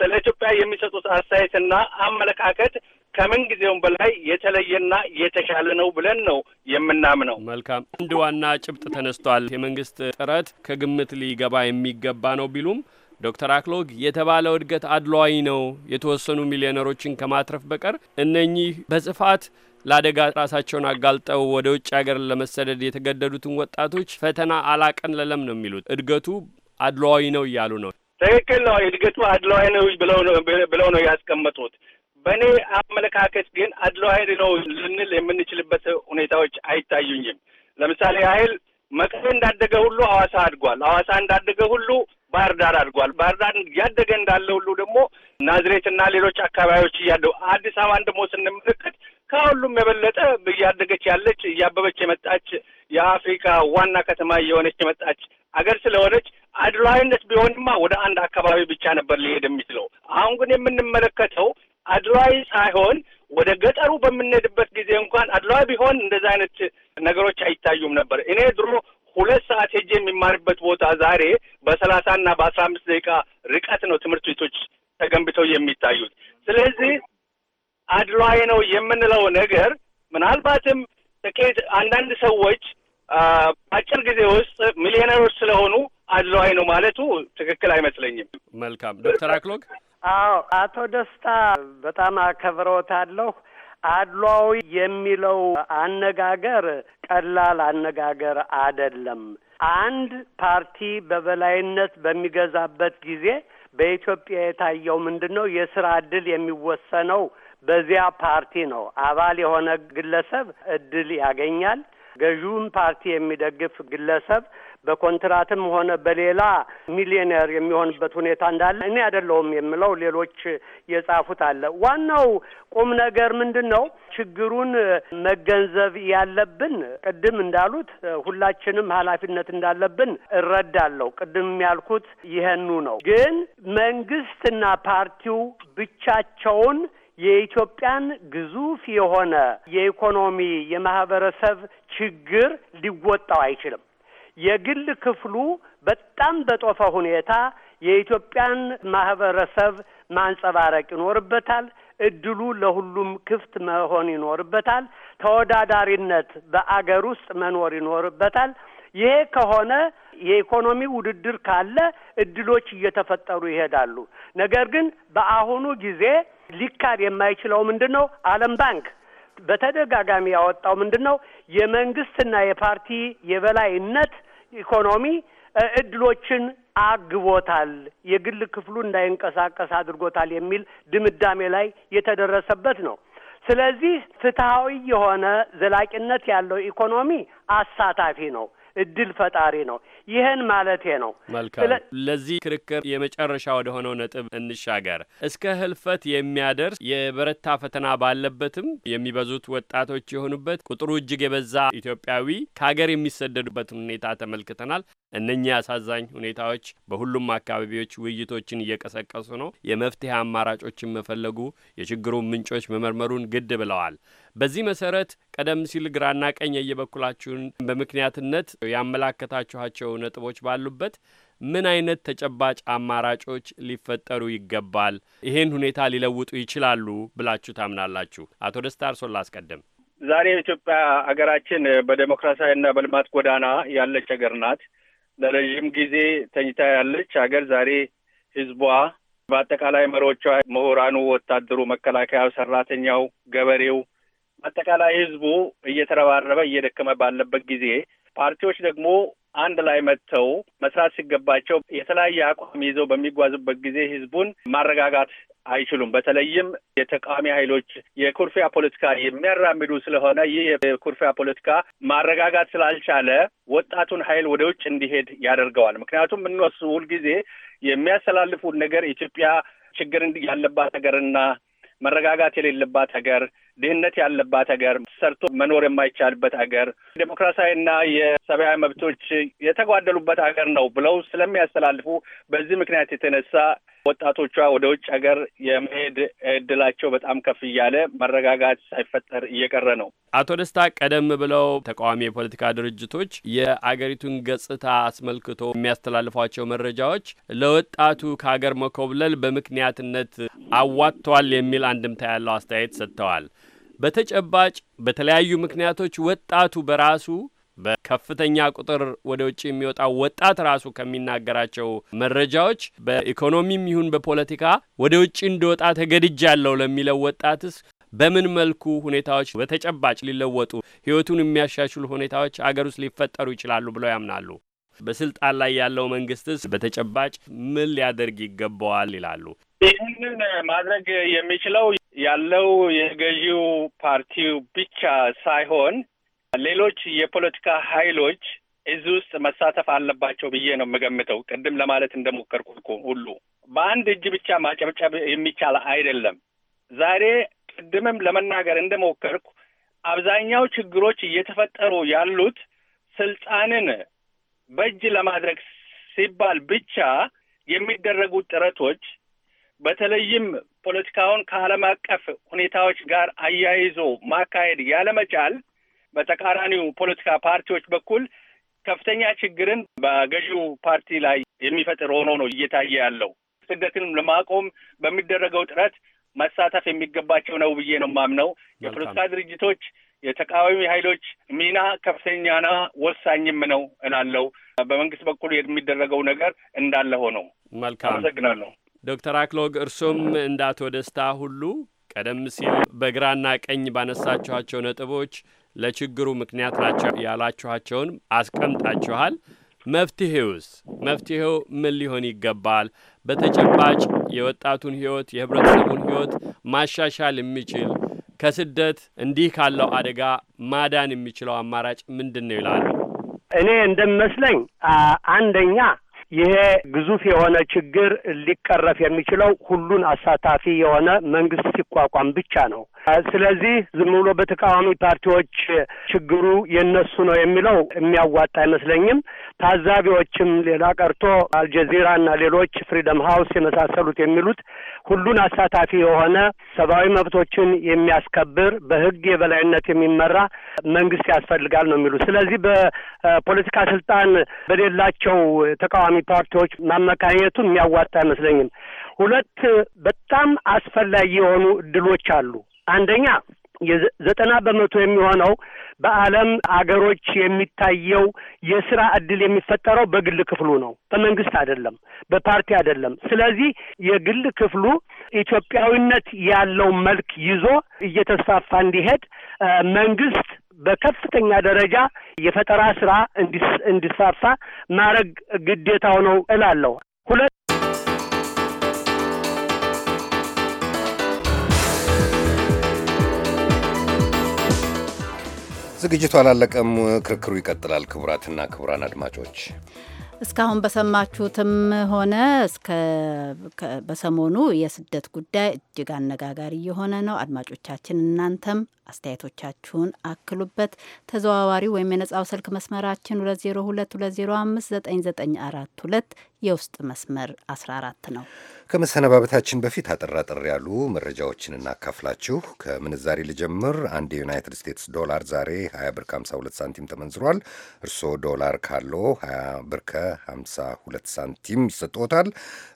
ስለ ኢትዮጵያ የሚሰጡት አስተያየትና አመለካከት ከምን በላይ የተለየና የተሻለ ነው ብለን ነው የምናምነው። መልካም አንድ ዋና ጭብጥ ተነስቷል። የመንግስት ጥረት ከግምት ሊገባ የሚገባ ነው ቢሉም ዶክተር አክሎግ የተባለው እድገት አድሏዊ ነው፣ የተወሰኑ ሚሊዮነሮችን ከማትረፍ በቀር እነኚህ በጽፋት ለአደጋ ራሳቸውን አጋልጠው ወደ ውጭ ሀገር ለመሰደድ የተገደዱትን ወጣቶች ፈተና አላቀን ለለም ነው የሚሉት። እድገቱ አድሏዊ ነው እያሉ ነው። ትክክል ነው። እድገቱ አድሏዊ ነው ብለው ነው ያስቀመጡት። በእኔ አመለካከት ግን አድሏዊ ነው ልንል የምንችልበት ሁኔታዎች አይታዩኝም። ለምሳሌ ያህል መቀሌ እንዳደገ ሁሉ ሐዋሳ አድጓል። ሐዋሳ እንዳደገ ሁሉ ባህር ዳር አድጓል። ባህር ዳር እያደገ እንዳለ ሁሉ ደግሞ ናዝሬትና ሌሎች አካባቢዎች እያደጉ አዲስ አበባን ደግሞ ስንመለከት ከሁሉም የበለጠ እያደገች ያለች እያበበች የመጣች የአፍሪካ ዋና ከተማ እየሆነች የመጣች አገር ስለሆነች አድሏዊነት ቢሆንማ ወደ አንድ አካባቢ ብቻ ነበር ሊሄድ የሚችለው። አሁን ግን የምንመለከተው አድሏዊ ሳይሆን ወደ ገጠሩ በምንሄድበት ጊዜ እንኳን አድሏዊ ቢሆን እንደዚ አይነት ነገሮች አይታዩም ነበር። እኔ ድሮ ሁለት ሰዓት ሄጄ የሚማርበት ቦታ ዛሬ በሰላሳና በአስራ አምስት ደቂቃ ርቀት ነው ትምህርት ቤቶች ተገንብተው የሚታዩት። ስለዚህ አድሏዊ ነው የምንለው ነገር ምናልባትም ጥቂት አንዳንድ ሰዎች አጭር ጊዜ ውስጥ ሚሊዮነሮች ስለሆኑ አድሏዊ ነው ማለቱ ትክክል አይመስለኝም። መልካም ዶክተር አክሎግ። አዎ አቶ ደስታ በጣም አከብረውታለሁ። አድሏዊ የሚለው አነጋገር ቀላል አነጋገር አደለም። አንድ ፓርቲ በበላይነት በሚገዛበት ጊዜ በኢትዮጵያ የታየው ምንድን ነው? የስራ እድል የሚወሰነው በዚያ ፓርቲ ነው አባል የሆነ ግለሰብ እድል ያገኛል። ገዥውን ፓርቲ የሚደግፍ ግለሰብ በኮንትራትም ሆነ በሌላ ሚሊዮኔር የሚሆንበት ሁኔታ እንዳለ እኔ አይደለሁም የምለው፣ ሌሎች የጻፉት አለ። ዋናው ቁም ነገር ምንድን ነው? ችግሩን መገንዘብ ያለብን ቅድም እንዳሉት ሁላችንም ኃላፊነት እንዳለብን እረዳለሁ። ቅድም ያልኩት ይህኑ ነው። ግን መንግስትና ፓርቲው ብቻቸውን የኢትዮጵያን ግዙፍ የሆነ የኢኮኖሚ የማህበረሰብ ችግር ሊወጣው አይችልም። የግል ክፍሉ በጣም በጦፈ ሁኔታ የኢትዮጵያን ማህበረሰብ ማንጸባረቅ ይኖርበታል። እድሉ ለሁሉም ክፍት መሆን ይኖርበታል። ተወዳዳሪነት በአገር ውስጥ መኖር ይኖርበታል። ይሄ ከሆነ የኢኮኖሚ ውድድር ካለ እድሎች እየተፈጠሩ ይሄዳሉ። ነገር ግን በአሁኑ ጊዜ ሊካድ የማይችለው ምንድን ነው? ዓለም ባንክ በተደጋጋሚ ያወጣው ምንድን ነው? የመንግስትና የፓርቲ የበላይነት ኢኮኖሚ እድሎችን አግቦታል፣ የግል ክፍሉ እንዳይንቀሳቀስ አድርጎታል የሚል ድምዳሜ ላይ የተደረሰበት ነው። ስለዚህ ፍትሐዊ የሆነ ዘላቂነት ያለው ኢኮኖሚ አሳታፊ ነው። እድል ፈጣሪ ነው። ይህን ማለቴ ነው። መልካም። ለዚህ ክርክር የመጨረሻ ወደ ሆነው ነጥብ እንሻገር። እስከ ህልፈት የሚያደርስ የበረታ ፈተና ባለበትም የሚበዙት ወጣቶች የሆኑበት ቁጥሩ እጅግ የበዛ ኢትዮጵያዊ ከሀገር የሚሰደዱበትን ሁኔታ ተመልክተናል። እነኚህ አሳዛኝ ሁኔታዎች በሁሉም አካባቢዎች ውይይቶችን እየቀሰቀሱ ነው። የመፍትሄ አማራጮችን መፈለጉ፣ የችግሩን ምንጮች መመርመሩን ግድ ብለዋል። በዚህ መሰረት ቀደም ሲል ግራና ቀኝ የየበኩላችሁን በምክንያትነት ያመላከታችኋቸው። ነጥቦች ባሉበት ምን አይነት ተጨባጭ አማራጮች ሊፈጠሩ ይገባል? ይሄን ሁኔታ ሊለውጡ ይችላሉ ብላችሁ ታምናላችሁ? አቶ ደስታ እርሶን ላስቀድም። ዛሬ የኢትዮጵያ ሀገራችን በዴሞክራሲያዊና በልማት ጎዳና ያለች ሀገር ናት። ለረዥም ጊዜ ተኝታ ያለች ሀገር ዛሬ ህዝቧ በአጠቃላይ መሪዎቿ፣ ምሁራኑ፣ ወታደሩ፣ መከላከያው፣ ሰራተኛው፣ ገበሬው በአጠቃላይ ህዝቡ እየተረባረበ እየደከመ ባለበት ጊዜ ፓርቲዎች ደግሞ አንድ ላይ መጥተው መስራት ሲገባቸው የተለያየ አቋም ይዘው በሚጓዙበት ጊዜ ህዝቡን ማረጋጋት አይችሉም። በተለይም የተቃዋሚ ኃይሎች የኩርፊያ ፖለቲካ የሚያራምዱ ስለሆነ ይህ የኩርፊያ ፖለቲካ ማረጋጋት ስላልቻለ ወጣቱን ኃይል ወደ ውጭ እንዲሄድ ያደርገዋል። ምክንያቱም እነሱ ሁልጊዜ የሚያስተላልፉት ነገር ኢትዮጵያ ችግር ያለባት ሀገርና መረጋጋት የሌለባት ሀገር ድህነት ያለባት ሀገር፣ ሰርቶ መኖር የማይቻልበት ሀገር፣ ዴሞክራሲያዊና የሰብአዊ መብቶች የተጓደሉበት ሀገር ነው ብለው ስለሚያስተላልፉ በዚህ ምክንያት የተነሳ ወጣቶቿ ወደ ውጭ ሀገር የመሄድ እድላቸው በጣም ከፍ እያለ መረጋጋት ሳይፈጠር እየቀረ ነው። አቶ ደስታ ቀደም ብለው ተቃዋሚ የፖለቲካ ድርጅቶች የአገሪቱን ገጽታ አስመልክቶ የሚያስተላልፏቸው መረጃዎች ለወጣቱ ከሀገር መኮብለል በምክንያትነት አዋጥቷል የሚል አንድምታ ያለው አስተያየት ሰጥተዋል። በተጨባጭ በተለያዩ ምክንያቶች ወጣቱ በራሱ በከፍተኛ ቁጥር ወደ ውጭ የሚወጣው ወጣት ራሱ ከሚናገራቸው መረጃዎች በኢኮኖሚም ይሁን በፖለቲካ ወደ ውጭ እንደወጣ ተገድጃለሁ ለሚለው ወጣትስ በምን መልኩ ሁኔታዎች በተጨባጭ ሊለወጡ ህይወቱን የሚያሻሽሉ ሁኔታዎች አገር ውስጥ ሊፈጠሩ ይችላሉ ብለው ያምናሉ? በስልጣን ላይ ያለው መንግስትስ በተጨባጭ ምን ሊያደርግ ይገባዋል ይላሉ? ይህንን ማድረግ የሚችለው ያለው የገዢው ፓርቲው ብቻ ሳይሆን ሌሎች የፖለቲካ ኃይሎች እዚህ ውስጥ መሳተፍ አለባቸው ብዬ ነው የምገምተው። ቅድም ለማለት እንደሞከርኩ ሁሉ በአንድ እጅ ብቻ ማጨብጨብ የሚቻል አይደለም። ዛሬ ቅድምም ለመናገር እንደሞከርኩ አብዛኛው ችግሮች እየተፈጠሩ ያሉት ስልጣንን በእጅ ለማድረግ ሲባል ብቻ የሚደረጉ ጥረቶች በተለይም ፖለቲካውን ከዓለም አቀፍ ሁኔታዎች ጋር አያይዞ ማካሄድ ያለመቻል በተቃራኒው ፖለቲካ ፓርቲዎች በኩል ከፍተኛ ችግርን በገዢው ፓርቲ ላይ የሚፈጥር ሆኖ ነው እየታየ ያለው። ስደትን ለማቆም በሚደረገው ጥረት መሳተፍ የሚገባቸው ነው ብዬ ነው የማምነው። የፖለቲካ ድርጅቶች፣ የተቃዋሚ ኃይሎች ሚና ከፍተኛና ወሳኝም ነው እላለው። በመንግስት በኩል የሚደረገው ነገር እንዳለ ሆኖ መልካም አመሰግናለሁ። ዶክተር አክሎግ እርሱም እንደ አቶ ደስታ ሁሉ ቀደም ሲል በግራና ቀኝ ባነሳችኋቸው ነጥቦች ለችግሩ ምክንያት ናቸው ያላችኋቸውን አስቀምጣችኋል። መፍትሄውስ? መፍትሄው ምን ሊሆን ይገባል? በተጨባጭ የወጣቱን ህይወት የህብረተሰቡን ህይወት ማሻሻል የሚችል ከስደት እንዲህ ካለው አደጋ ማዳን የሚችለው አማራጭ ምንድን ነው ይላሉ። እኔ እንደሚመስለኝ አንደኛ ይሄ ግዙፍ የሆነ ችግር ሊቀረፍ የሚችለው ሁሉን አሳታፊ የሆነ መንግስት ሲቋቋም ብቻ ነው። ስለዚህ ዝም ብሎ በተቃዋሚ ፓርቲዎች ችግሩ የነሱ ነው የሚለው የሚያዋጣ አይመስለኝም። ታዛቢዎችም ሌላ ቀርቶ አልጀዚራ ሌሎች ፍሪደም ሀውስ የመሳሰሉት የሚሉት ሁሉን አሳታፊ የሆነ ሰብአዊ መብቶችን የሚያስከብር በህግ የበላይነት የሚመራ መንግስት ያስፈልጋል ነው የሚሉት። ስለዚህ በፖለቲካ ስልጣን በሌላቸው ተቃዋሚ ፓርቲዎች ማመካኘቱ የሚያዋጣ አይመስለኝም። ሁለት በጣም አስፈላጊ የሆኑ እድሎች አሉ። አንደኛ የዘጠና በመቶ የሚሆነው በዓለም አገሮች የሚታየው የስራ እድል የሚፈጠረው በግል ክፍሉ ነው፣ በመንግስት አይደለም፣ በፓርቲ አይደለም። ስለዚህ የግል ክፍሉ ኢትዮጵያዊነት ያለው መልክ ይዞ እየተስፋፋ እንዲሄድ መንግስት በከፍተኛ ደረጃ የፈጠራ ስራ እንዲስፋፋ ማድረግ ግዴታው ነው እላለሁ። ሁለት ዝግጅቱ አላለቀም፣ ክርክሩ ይቀጥላል። ክቡራትና ክቡራን አድማጮች እስካሁን በሰማችሁትም ሆነ በሰሞኑ የስደት ጉዳይ እጅግ አነጋጋሪ የሆነ ነው። አድማጮቻችን እናንተም አስተያየቶቻችሁን አክሉበት። ተዘዋዋሪው ወይም የነጻው ስልክ መስመራችን 2022059942 የውስጥ መስመር 14 ነው። ከመሰነባበታችን በፊት አጠራጠር ያሉ መረጃዎችን እናካፍላችሁ። ከምንዛሬ ልጀምር። አንድ የዩናይትድ ስቴትስ ዶላር ዛሬ 20 ብር ከ52 ሳንቲም ተመንዝሯል። እርሶ ዶላር ካለ 20 ብር ከ52 ሳንቲም ይሰጥዎታል።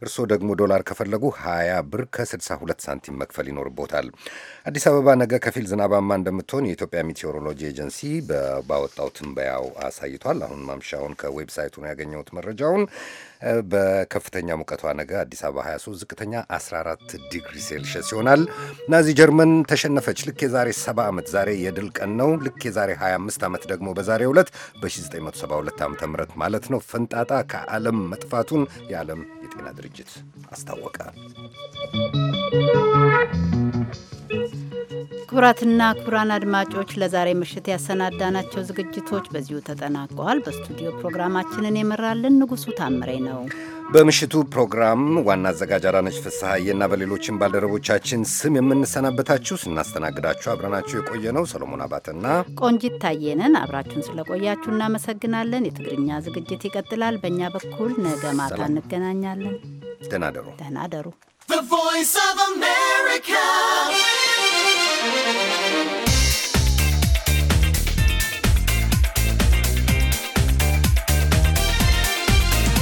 እርስዎ ደግሞ ዶላር ከፈለጉ 20 ብር ከ62 ሳንቲም መክፈል ይኖርቦታል። አዲስ አበባ ነገ ከፊል ዝናባማ እንደምትሆን የኢትዮጵያ ሚቴዎሮሎጂ ኤጀንሲ ባወጣው ትንበያው አሳይቷል። አሁን ማምሻውን ከዌብሳይቱ ነው ያገኘሁት መረጃውን በከፍተኛ ሙቀቷ ነገ አዲስ አበባ 23፣ ዝቅተኛ 14 ዲግሪ ሴልሽስ ይሆናል። ናዚ ጀርመን ተሸነፈች። ልክ የዛሬ 70 ዓመት ዛሬ የድል ቀን ነው። ልክ የዛሬ 25 ዓመት ደግሞ በዛሬ ዕለት በ1972 ዓ ም ማለት ነው ፈንጣጣ ከዓለም መጥፋቱን የዓለም የጤና ድርጅት አስታወቀ። ክቡራትና ክቡራን አድማጮች ለዛሬ ምሽት ያሰናዳናቸው ዝግጅቶች በዚሁ ተጠናቀዋል። በስቱዲዮ ፕሮግራማችንን የመራልን ንጉሱ ታምሬ ነው። በምሽቱ ፕሮግራም ዋና አዘጋጅ አዳነች ፍስሐዬና በሌሎችም ባልደረቦቻችን ስም የምንሰናበታችሁ ስናስተናግዳችሁ አብረናችሁ የቆየ ነው ሰሎሞን አባትና ቆንጂት ታየንን። አብራችሁን ስለቆያችሁ እናመሰግናለን። የትግርኛ ዝግጅት ይቀጥላል። በእኛ በኩል ነገ ማታ እንገናኛለን። ደህና ደሩ። ደህና ደሩ። The voice of America. Thank you.